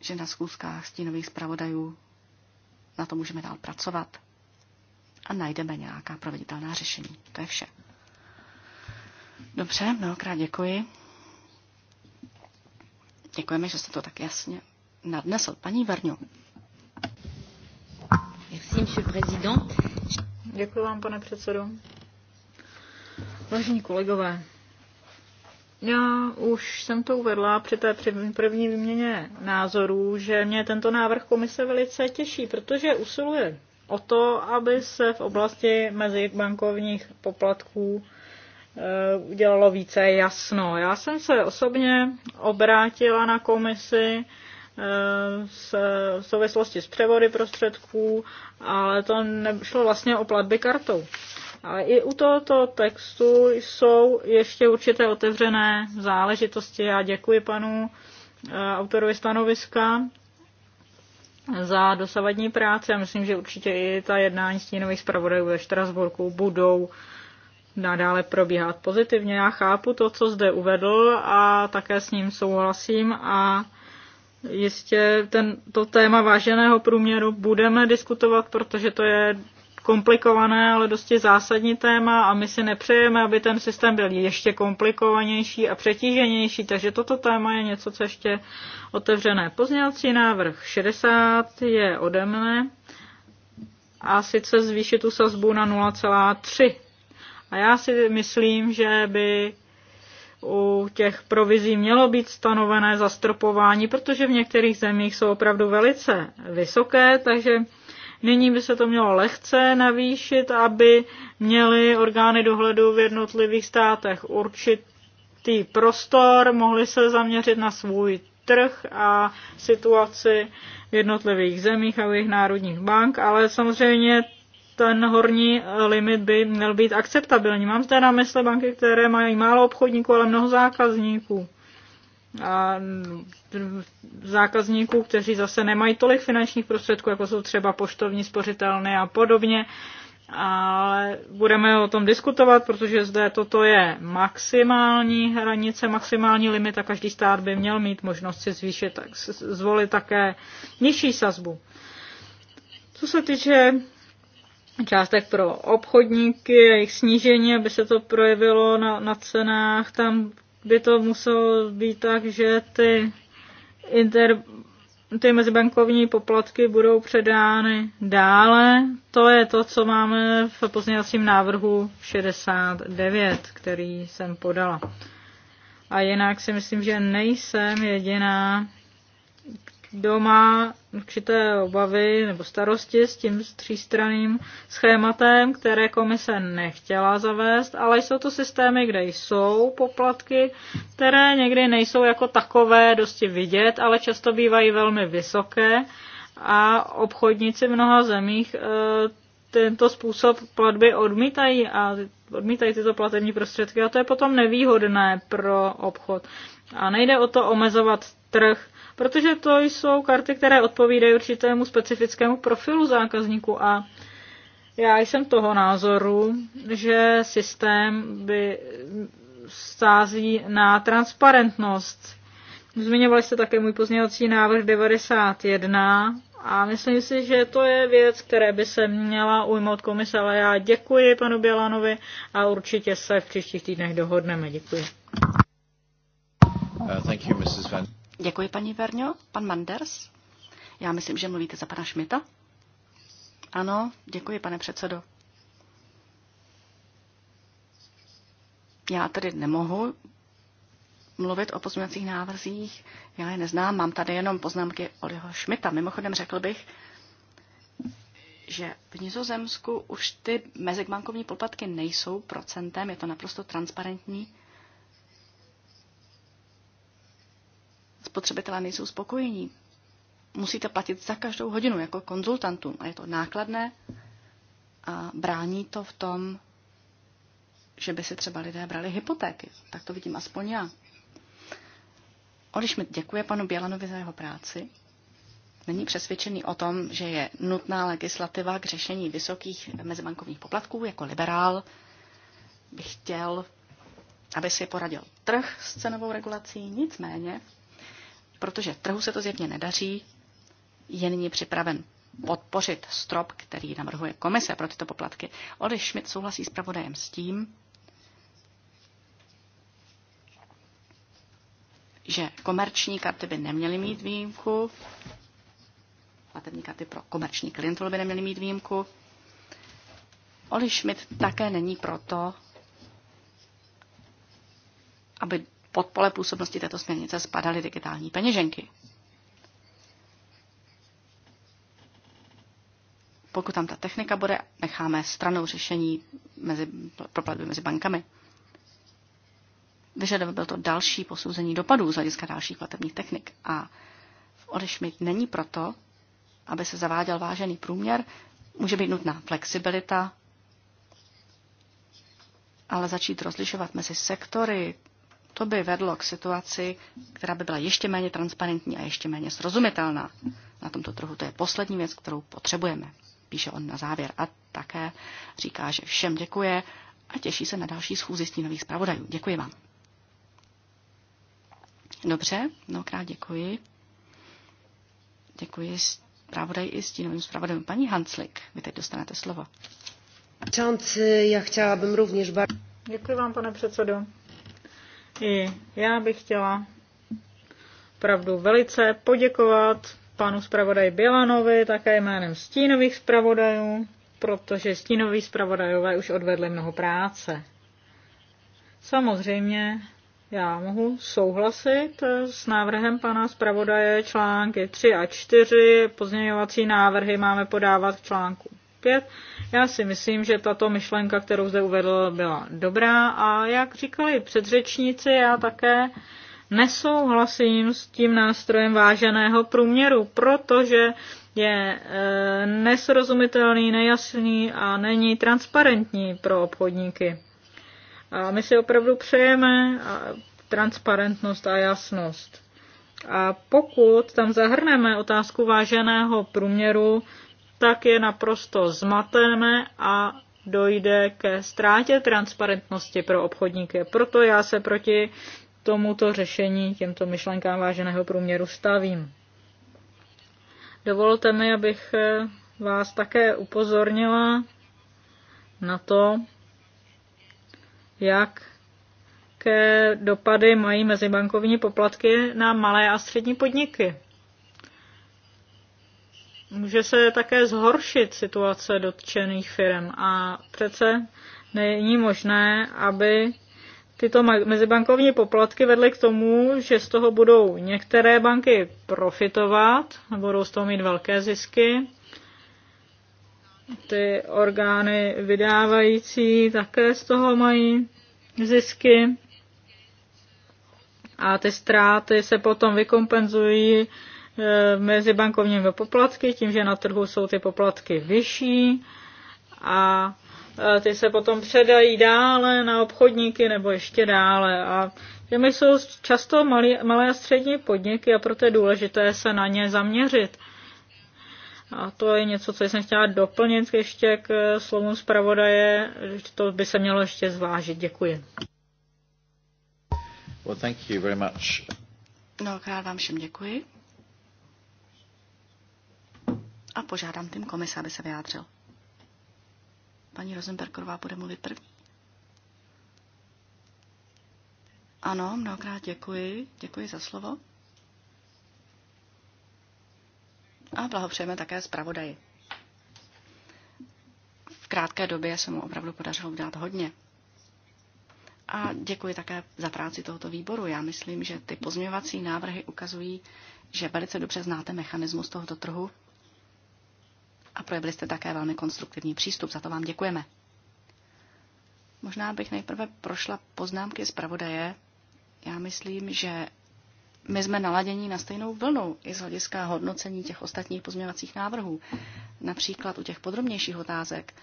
že na schůzkách stínových zpravodajů na to můžeme dál pracovat a najdeme nějaká proveditelná řešení. To je vše. Dobře, mnohokrát děkuji. Děkujeme, že jste to tak jasně nadnesl. Paní Varňo. Děkuji vám, pane předsedo. Vážení kolegové, já už jsem to uvedla při té první výměně názorů, že mě tento návrh komise velice těší, protože usiluje o to, aby se v oblasti mezibankovních poplatků e, udělalo více jasno. Já jsem se osobně obrátila na komisi e, v souvislosti s převody prostředků, ale to nešlo vlastně o platby kartou. Ale i u tohoto textu jsou ještě určité otevřené záležitosti. Já děkuji panu eh, autorovi stanoviska za dosavadní práci a myslím, že určitě i ta jednání stínových zpravodajů ve Štrasburku budou nadále probíhat pozitivně. Já chápu to, co zde uvedl a také s ním souhlasím a jistě ten, to téma váženého průměru budeme diskutovat, protože to je komplikované, ale dosti zásadní téma a my si nepřejeme, aby ten systém byl ještě komplikovanější a přetíženější, takže toto téma je něco, co ještě otevřené. Pozněvací návrh 60 je ode mne a sice zvýšit tu sazbu na 0,3. A já si myslím, že by u těch provizí mělo být stanovené zastropování, protože v některých zemích jsou opravdu velice vysoké, takže Nyní by se to mělo lehce navýšit, aby měly orgány dohledu v jednotlivých státech určitý prostor, mohly se zaměřit na svůj trh a situaci v jednotlivých zemích a v jejich národních bank, ale samozřejmě ten horní limit by měl být akceptabilní. Mám zde na mysli banky, které mají málo obchodníků, ale mnoho zákazníků a zákazníků, kteří zase nemají tolik finančních prostředků, jako jsou třeba poštovní spořitelny a podobně. Ale budeme o tom diskutovat, protože zde toto je maximální hranice, maximální limit a každý stát by měl mít možnost si zvýšit, tak zvolit také nižší sazbu. Co se týče částek pro obchodníky, jejich snížení, aby se to projevilo na, na cenách, tam by to muselo být tak, že ty, inter, ty mezibankovní poplatky budou předány dále. To je to, co máme v pozměňovacím návrhu 69, který jsem podala. A jinak si myslím, že nejsem jediná, kdo má určité obavy nebo starosti s tím třístranným schématem, které komise nechtěla zavést, ale jsou to systémy, kde jsou poplatky, které někdy nejsou jako takové dosti vidět, ale často bývají velmi vysoké a obchodníci v mnoha zemích e, tento způsob platby odmítají a odmítají tyto platební prostředky a to je potom nevýhodné pro obchod. A nejde o to omezovat trh, protože to jsou karty, které odpovídají určitému specifickému profilu zákazníku a já jsem toho názoru, že systém by stází na transparentnost. Zmiňovali jste také můj pozměňovací návrh 91 a myslím si, že to je věc, které by se měla ujmout komise, ale já děkuji panu Bělanovi a určitě se v příštích týdnech dohodneme. Děkuji. Uh, thank you, Mrs. Van... Děkuji, paní Verňo. Pan Manders? Já myslím, že mluvíte za pana Šmita. Ano, děkuji, pane předsedo. Já tedy nemohu mluvit o pozměňovacích návrzích. Já je neznám, mám tady jenom poznámky Oliho Šmita. Mimochodem řekl bych, že v Nizozemsku už ty mezibankovní poplatky nejsou procentem, je to naprosto transparentní Spotřebitelé nejsou spokojení. Musíte platit za každou hodinu jako konzultantům a je to nákladné a brání to v tom, že by si třeba lidé brali hypotéky. Tak to vidím aspoň já. mi děkuje panu Bělanovi za jeho práci. Není přesvědčený o tom, že je nutná legislativa k řešení vysokých mezibankovních poplatků. Jako liberál bych chtěl, aby si poradil trh s cenovou regulací. Nicméně Protože trhu se to zjevně nedaří, je nyní připraven podpořit strop, který navrhuje komise pro tyto poplatky. Ode Schmidt souhlasí s pravodajem s tím, že komerční karty by neměly mít výjimku, platební karty pro komerční klientů by neměly mít výjimku. Oli Schmidt také není proto, aby pod pole působnosti této směrnice spadaly digitální peněženky. Pokud tam ta technika bude, necháme stranou řešení mezi, pro platby mezi bankami. Vyžadoval byl to další posouzení dopadů z hlediska dalších platebních technik. A v Odešmit není proto, aby se zaváděl vážený průměr, může být nutná flexibilita, ale začít rozlišovat mezi sektory, to by vedlo k situaci, která by byla ještě méně transparentní a ještě méně srozumitelná na tomto trhu. To je poslední věc, kterou potřebujeme, píše on na závěr. A také říká, že všem děkuje a těší se na další schůzi nových zpravodajů. Děkuji vám. Dobře, mnohokrát děkuji. Děkuji zpravodaj i stínovým zpravodajům. Paní Hanslik, vy teď dostanete slovo. Já chtěla bych rovněž... Děkuji vám, pane předsedo. I já bych chtěla opravdu velice poděkovat panu zpravodaji Bělanovi, také jménem stínových zpravodajů, protože stínoví zpravodajové už odvedli mnoho práce. Samozřejmě já mohu souhlasit s návrhem pana zpravodaje články 3 a 4. Pozměňovací návrhy máme podávat v článku 5. Já si myslím, že tato myšlenka, kterou zde uvedl, byla dobrá a jak říkali předřečníci, já také nesouhlasím s tím nástrojem váženého průměru, protože je e, nesrozumitelný, nejasný a není transparentní pro obchodníky. A my si opravdu přejeme transparentnost a jasnost. A pokud tam zahrneme otázku váženého průměru, tak je naprosto zmateme a dojde ke ztrátě transparentnosti pro obchodníky. Proto já se proti tomuto řešení, těmto myšlenkám váženého průměru stavím. Dovolte mi, abych eh, vás také upozornila na to, jak ke dopady mají mezibankovní poplatky na malé a střední podniky může se také zhoršit situace dotčených firm a přece není možné, aby tyto mezibankovní poplatky vedly k tomu, že z toho budou některé banky profitovat, budou z toho mít velké zisky. Ty orgány vydávající také z toho mají zisky a ty ztráty se potom vykompenzují E, mezi bankovními poplatky, tím, že na trhu jsou ty poplatky vyšší a e, ty se potom předají dále na obchodníky nebo ještě dále. A těmi jsou často malý, malé a střední podniky a proto je důležité se na ně zaměřit. A to je něco, co jsem chtěla doplnit ještě k e, slovům zpravodaje. že To by se mělo ještě zvážit. Děkuji. Well, thank you very much. Mnohokrát vám všem děkuji a požádám tým komise, aby se vyjádřil. Paní Rosenbergová bude mluvit první. Ano, mnohokrát děkuji. Děkuji za slovo. A blahopřejeme také zpravodaji. V krátké době se mu opravdu podařilo udělat hodně. A děkuji také za práci tohoto výboru. Já myslím, že ty pozměňovací návrhy ukazují, že velice dobře znáte mechanismus tohoto trhu a projevili jste také velmi konstruktivní přístup. Za to vám děkujeme. Možná bych nejprve prošla poznámky zpravodaje. Já myslím, že my jsme naladění na stejnou vlnu i z hlediska hodnocení těch ostatních pozměňovacích návrhů, například u těch podrobnějších otázek,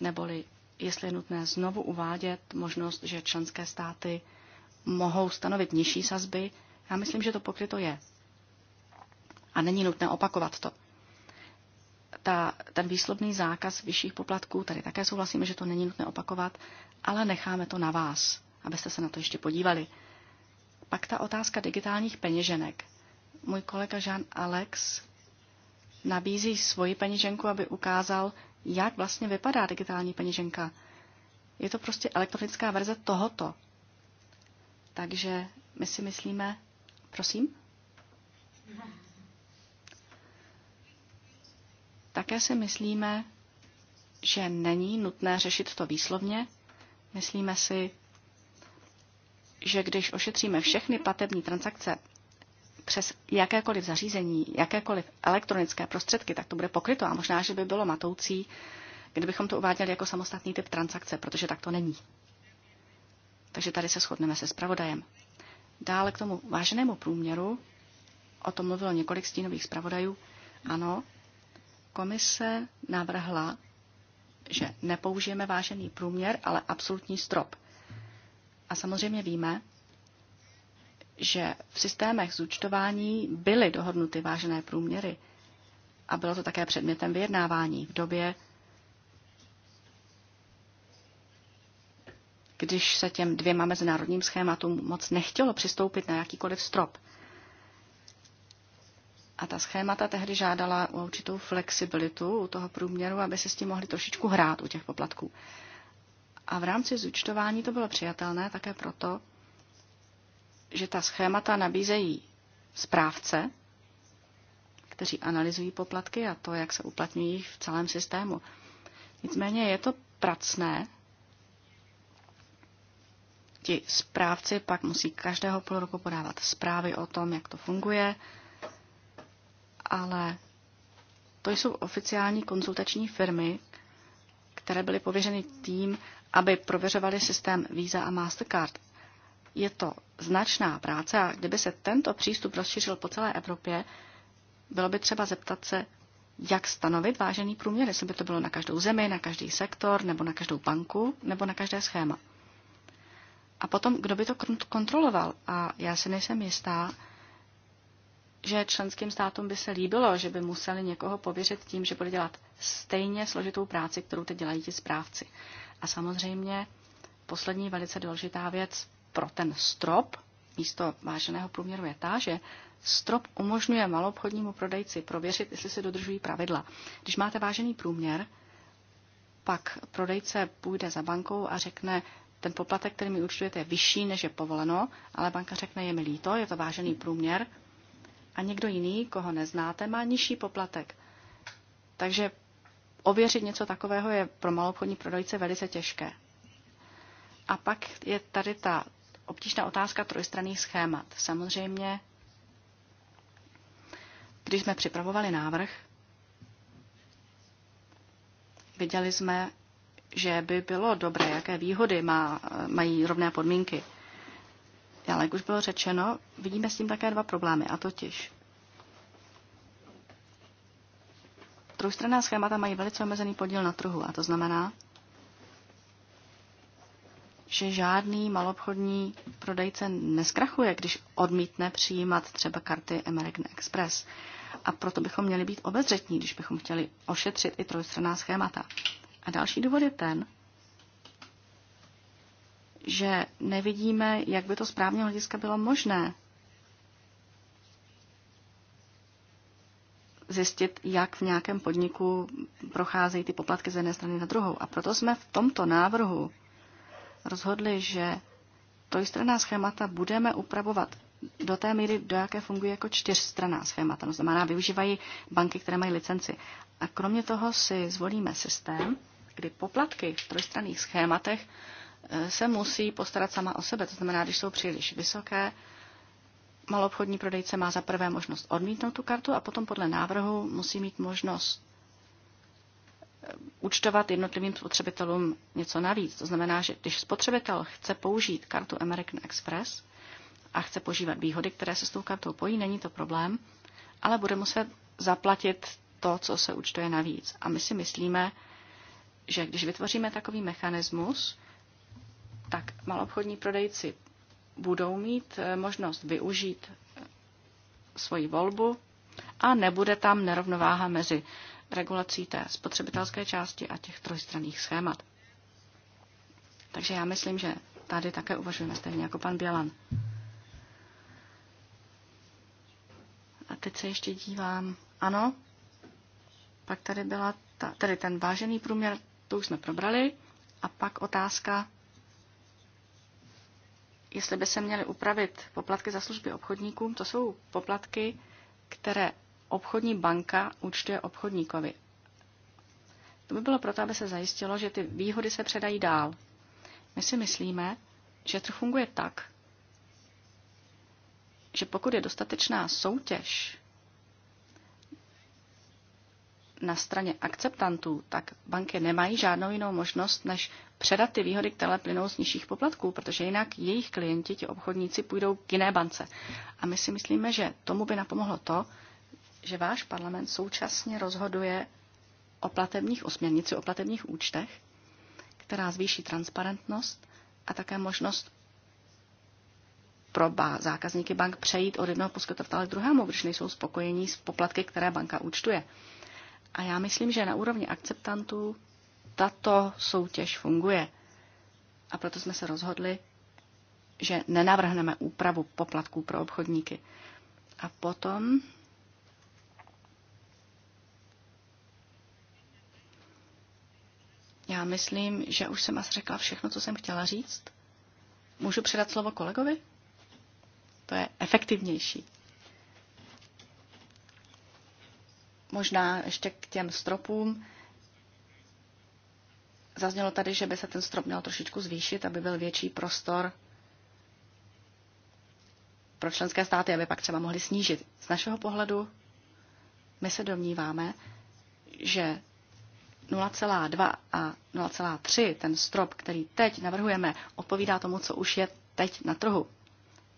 neboli jestli je nutné znovu uvádět možnost, že členské státy mohou stanovit nižší sazby. Já myslím, že to pokryto je. A není nutné opakovat to ta, ten výslovný zákaz vyšších poplatků, tady také souhlasíme, že to není nutné opakovat, ale necháme to na vás, abyste se na to ještě podívali. Pak ta otázka digitálních peněženek. Můj kolega Jean Alex nabízí svoji peněženku, aby ukázal, jak vlastně vypadá digitální peněženka. Je to prostě elektronická verze tohoto. Takže my si myslíme, prosím? Také si myslíme, že není nutné řešit to výslovně. Myslíme si, že když ošetříme všechny platební transakce přes jakékoliv zařízení, jakékoliv elektronické prostředky, tak to bude pokryto. A možná, že by bylo matoucí, kdybychom to uváděli jako samostatný typ transakce, protože tak to není. Takže tady se shodneme se zpravodajem. Dále k tomu váženému průměru, o tom mluvilo několik stínových zpravodajů, ano, Komise navrhla, že nepoužijeme vážený průměr, ale absolutní strop. A samozřejmě víme, že v systémech zúčtování byly dohodnuty vážené průměry a bylo to také předmětem vyjednávání v době, když se těm dvěma mezinárodním schématům moc nechtělo přistoupit na jakýkoliv strop – a ta schémata tehdy žádala o určitou flexibilitu u toho průměru, aby se s tím mohli trošičku hrát u těch poplatků. A v rámci zúčtování to bylo přijatelné také proto, že ta schémata nabízejí správce, kteří analyzují poplatky a to, jak se uplatňují v celém systému. Nicméně je to pracné. Ti správci pak musí každého půl roku podávat zprávy o tom, jak to funguje, ale to jsou oficiální konzultační firmy, které byly pověřeny tím, aby prověřovali systém Visa a Mastercard. Je to značná práce a kdyby se tento přístup rozšířil po celé Evropě, bylo by třeba zeptat se, jak stanovit vážený průměr, jestli by to bylo na každou zemi, na každý sektor, nebo na každou banku, nebo na každé schéma. A potom, kdo by to kontroloval? A já si nejsem jistá, že členským státům by se líbilo, že by museli někoho pověřit tím, že bude dělat stejně složitou práci, kterou teď dělají ti správci. A samozřejmě poslední velice důležitá věc pro ten strop, místo váženého průměru je ta, že strop umožňuje malobchodnímu prodejci prověřit, jestli se dodržují pravidla. Když máte vážený průměr, pak prodejce půjde za bankou a řekne, ten poplatek, který mi účtujete, je vyšší, než je povoleno, ale banka řekne, je mi líto, je to vážený průměr, a někdo jiný, koho neznáte, má nižší poplatek. Takže ověřit něco takového je pro maloobchodní prodejce velice těžké. A pak je tady ta obtížná otázka trojstranných schémat. Samozřejmě, když jsme připravovali návrh, viděli jsme, že by bylo dobré, jaké výhody má, mají rovné podmínky. Ale jak už bylo řečeno, vidíme s tím také dva problémy, a totiž Trojstranná schémata mají velice omezený podíl na trhu a to znamená, že žádný malobchodní prodejce neskrachuje, když odmítne přijímat třeba karty American Express. A proto bychom měli být obezřetní, když bychom chtěli ošetřit i trojstranná schémata. A další důvod je ten, že nevidíme, jak by to správně hlediska bylo možné zjistit, jak v nějakém podniku procházejí ty poplatky z jedné strany na druhou. A proto jsme v tomto návrhu rozhodli, že to trojstranná schémata budeme upravovat do té míry, do jaké funguje jako čtyřstranná schémata. To znamená, využívají banky, které mají licenci. A kromě toho si zvolíme systém, kdy poplatky v trojstranných schématech se musí postarat sama o sebe. To znamená, když jsou příliš vysoké, malobchodní prodejce má za prvé možnost odmítnout tu kartu a potom podle návrhu musí mít možnost eh, účtovat jednotlivým spotřebitelům něco navíc. To znamená, že když spotřebitel chce použít kartu American Express a chce požívat výhody, které se s tou kartou pojí, není to problém, ale bude muset zaplatit to, co se účtuje navíc. A my si myslíme, že když vytvoříme takový mechanismus, tak malobchodní prodejci budou mít eh, možnost využít eh, svoji volbu a nebude tam nerovnováha mezi regulací té spotřebitelské části a těch trojstranných schémat. Takže já myslím, že tady také uvažujeme stejně jako pan Bělan. A teď se ještě dívám. Ano, pak tady byla ta, tady ten vážený průměr, to už jsme probrali, a pak otázka jestli by se měly upravit poplatky za služby obchodníkům, to jsou poplatky, které obchodní banka účtuje obchodníkovi. To by bylo proto, aby se zajistilo, že ty výhody se předají dál. My si myslíme, že trh funguje tak, že pokud je dostatečná soutěž na straně akceptantů, tak banky nemají žádnou jinou možnost, než předat ty výhody, které plynou z nižších poplatků, protože jinak jejich klienti, ti obchodníci, půjdou k jiné bance. A my si myslíme, že tomu by napomohlo to, že váš parlament současně rozhoduje o platebních, osměrnici, o platebních účtech, která zvýší transparentnost a také možnost pro ba- zákazníky bank přejít od jednoho poskytovatele k druhému, když nejsou spokojení s poplatky, které banka účtuje. A já myslím, že na úrovni akceptantů tato soutěž funguje. A proto jsme se rozhodli, že nenavrhneme úpravu poplatků pro obchodníky. A potom Já myslím, že už jsem asi řekla všechno, co jsem chtěla říct. Můžu předat slovo kolegovi? To je efektivnější. Možná ještě k těm stropům. Zaznělo tady, že by se ten strop měl trošičku zvýšit, aby byl větší prostor pro členské státy, aby pak třeba mohli snížit. Z našeho pohledu my se domníváme, že 0,2 a 0,3, ten strop, který teď navrhujeme, odpovídá tomu, co už je teď na trhu.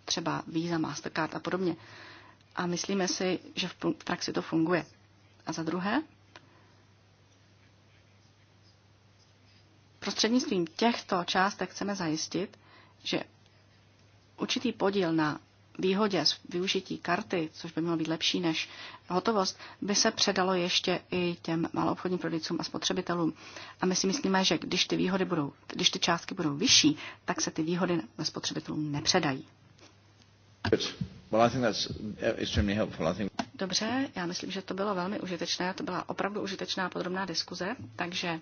Třeba Visa, Mastercard a podobně. A myslíme si, že v praxi to funguje. A za druhé, prostřednictvím těchto částek chceme zajistit, že určitý podíl na výhodě z využití karty, což by mělo být lepší než hotovost, by se předalo ještě i těm maloobchodním prodejcům a spotřebitelům. A my si myslíme, že když ty výhody budou, když ty částky budou vyšší, tak se ty výhody spotřebitelům nepředají. Well, I think that's extremely helpful. I think... Dobře, já myslím, že to bylo velmi užitečné, to byla opravdu užitečná podrobná diskuze, takže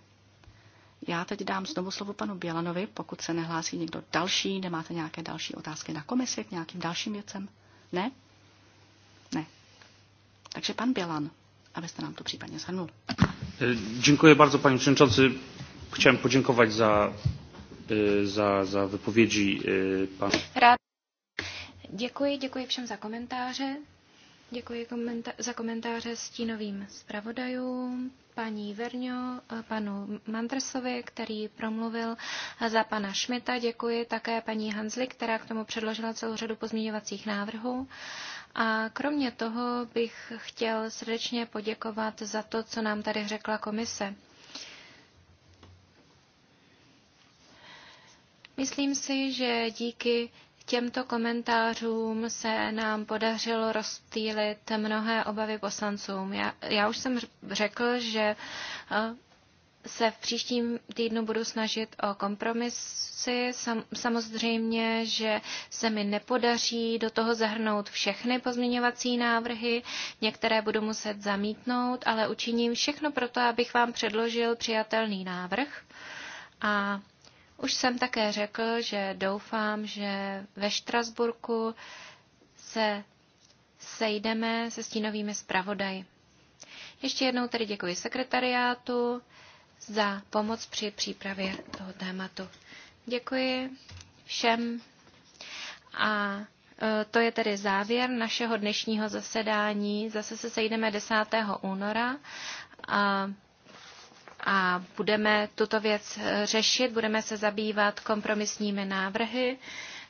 já teď dám znovu slovo panu Bělanovi, pokud se nehlásí někdo další, nemáte nějaké další otázky na komisi k nějakým dalším věcem? Ne? Ne. Takže pan Bělan, abyste nám to případně shrnul. Dziękuję bardzo, panie przewodniczący. Chciałem podziękować e, za, za, za wypowiedzi. Pan... Rád. Děkuji, děkuji všem za komentáře. Děkuji komentá- za komentáře stínovým zpravodajům, paní Verňo, eh, panu Mandrsovi, který promluvil za pana Šmita. Děkuji také paní Hanzli, která k tomu předložila celou řadu pozměňovacích návrhů. A kromě toho bych chtěl srdečně poděkovat za to, co nám tady řekla komise. Myslím si, že díky těmto komentářům se nám podařilo rozptýlit mnohé obavy poslancům. Já, já už jsem řekl, že eh, se v příštím týdnu budu snažit o kompromisy. Sam, samozřejmě, že se mi nepodaří do toho zahrnout všechny pozměňovací návrhy, některé budu muset zamítnout, ale učiním všechno pro to, abych vám předložil přijatelný návrh. A už jsem také řekl, že doufám, že ve Štrasburku se sejdeme se stínovými zpravodaji. Ještě jednou tedy děkuji sekretariátu za pomoc při přípravě toho tématu. Děkuji všem a e, to je tedy závěr našeho dnešního zasedání. Zase se sejdeme 10. února. A a budeme tuto věc eh, řešit, budeme se zabývat kompromisními návrhy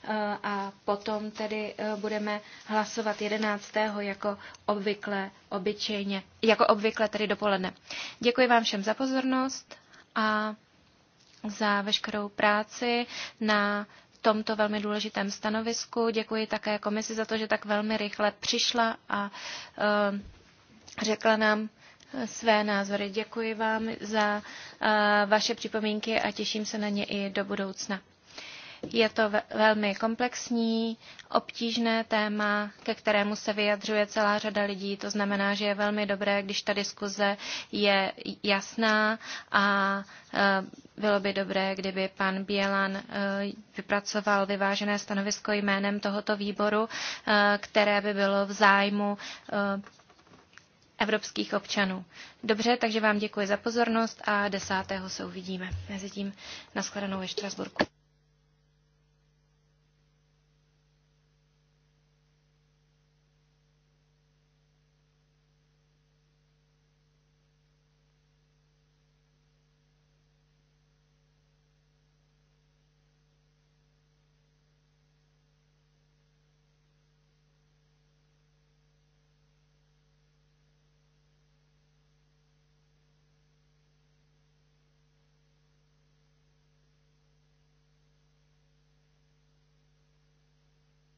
eh, a potom tedy eh, budeme hlasovat 11. jako obvykle, obyčejně, jako obvykle tedy dopoledne. Děkuji vám všem za pozornost a za veškerou práci na tomto velmi důležitém stanovisku. Děkuji také komisi za to, že tak velmi rychle přišla a řekla nám, své názory. Děkuji vám za vaše připomínky a těším se na ně i do budoucna. Je to velmi komplexní, obtížné téma, ke kterému se vyjadřuje celá řada lidí. To znamená, že je velmi dobré, když ta diskuze je jasná a bylo by dobré, kdyby pan Bělan e, vypracoval vyvážené stanovisko jménem tohoto výboru, e, které by bylo v zájmu e, evropských občanů. Dobře, takže vám děkuji za pozornost a 10. se uvidíme. Mezitím nashledanou ve Štrasburku.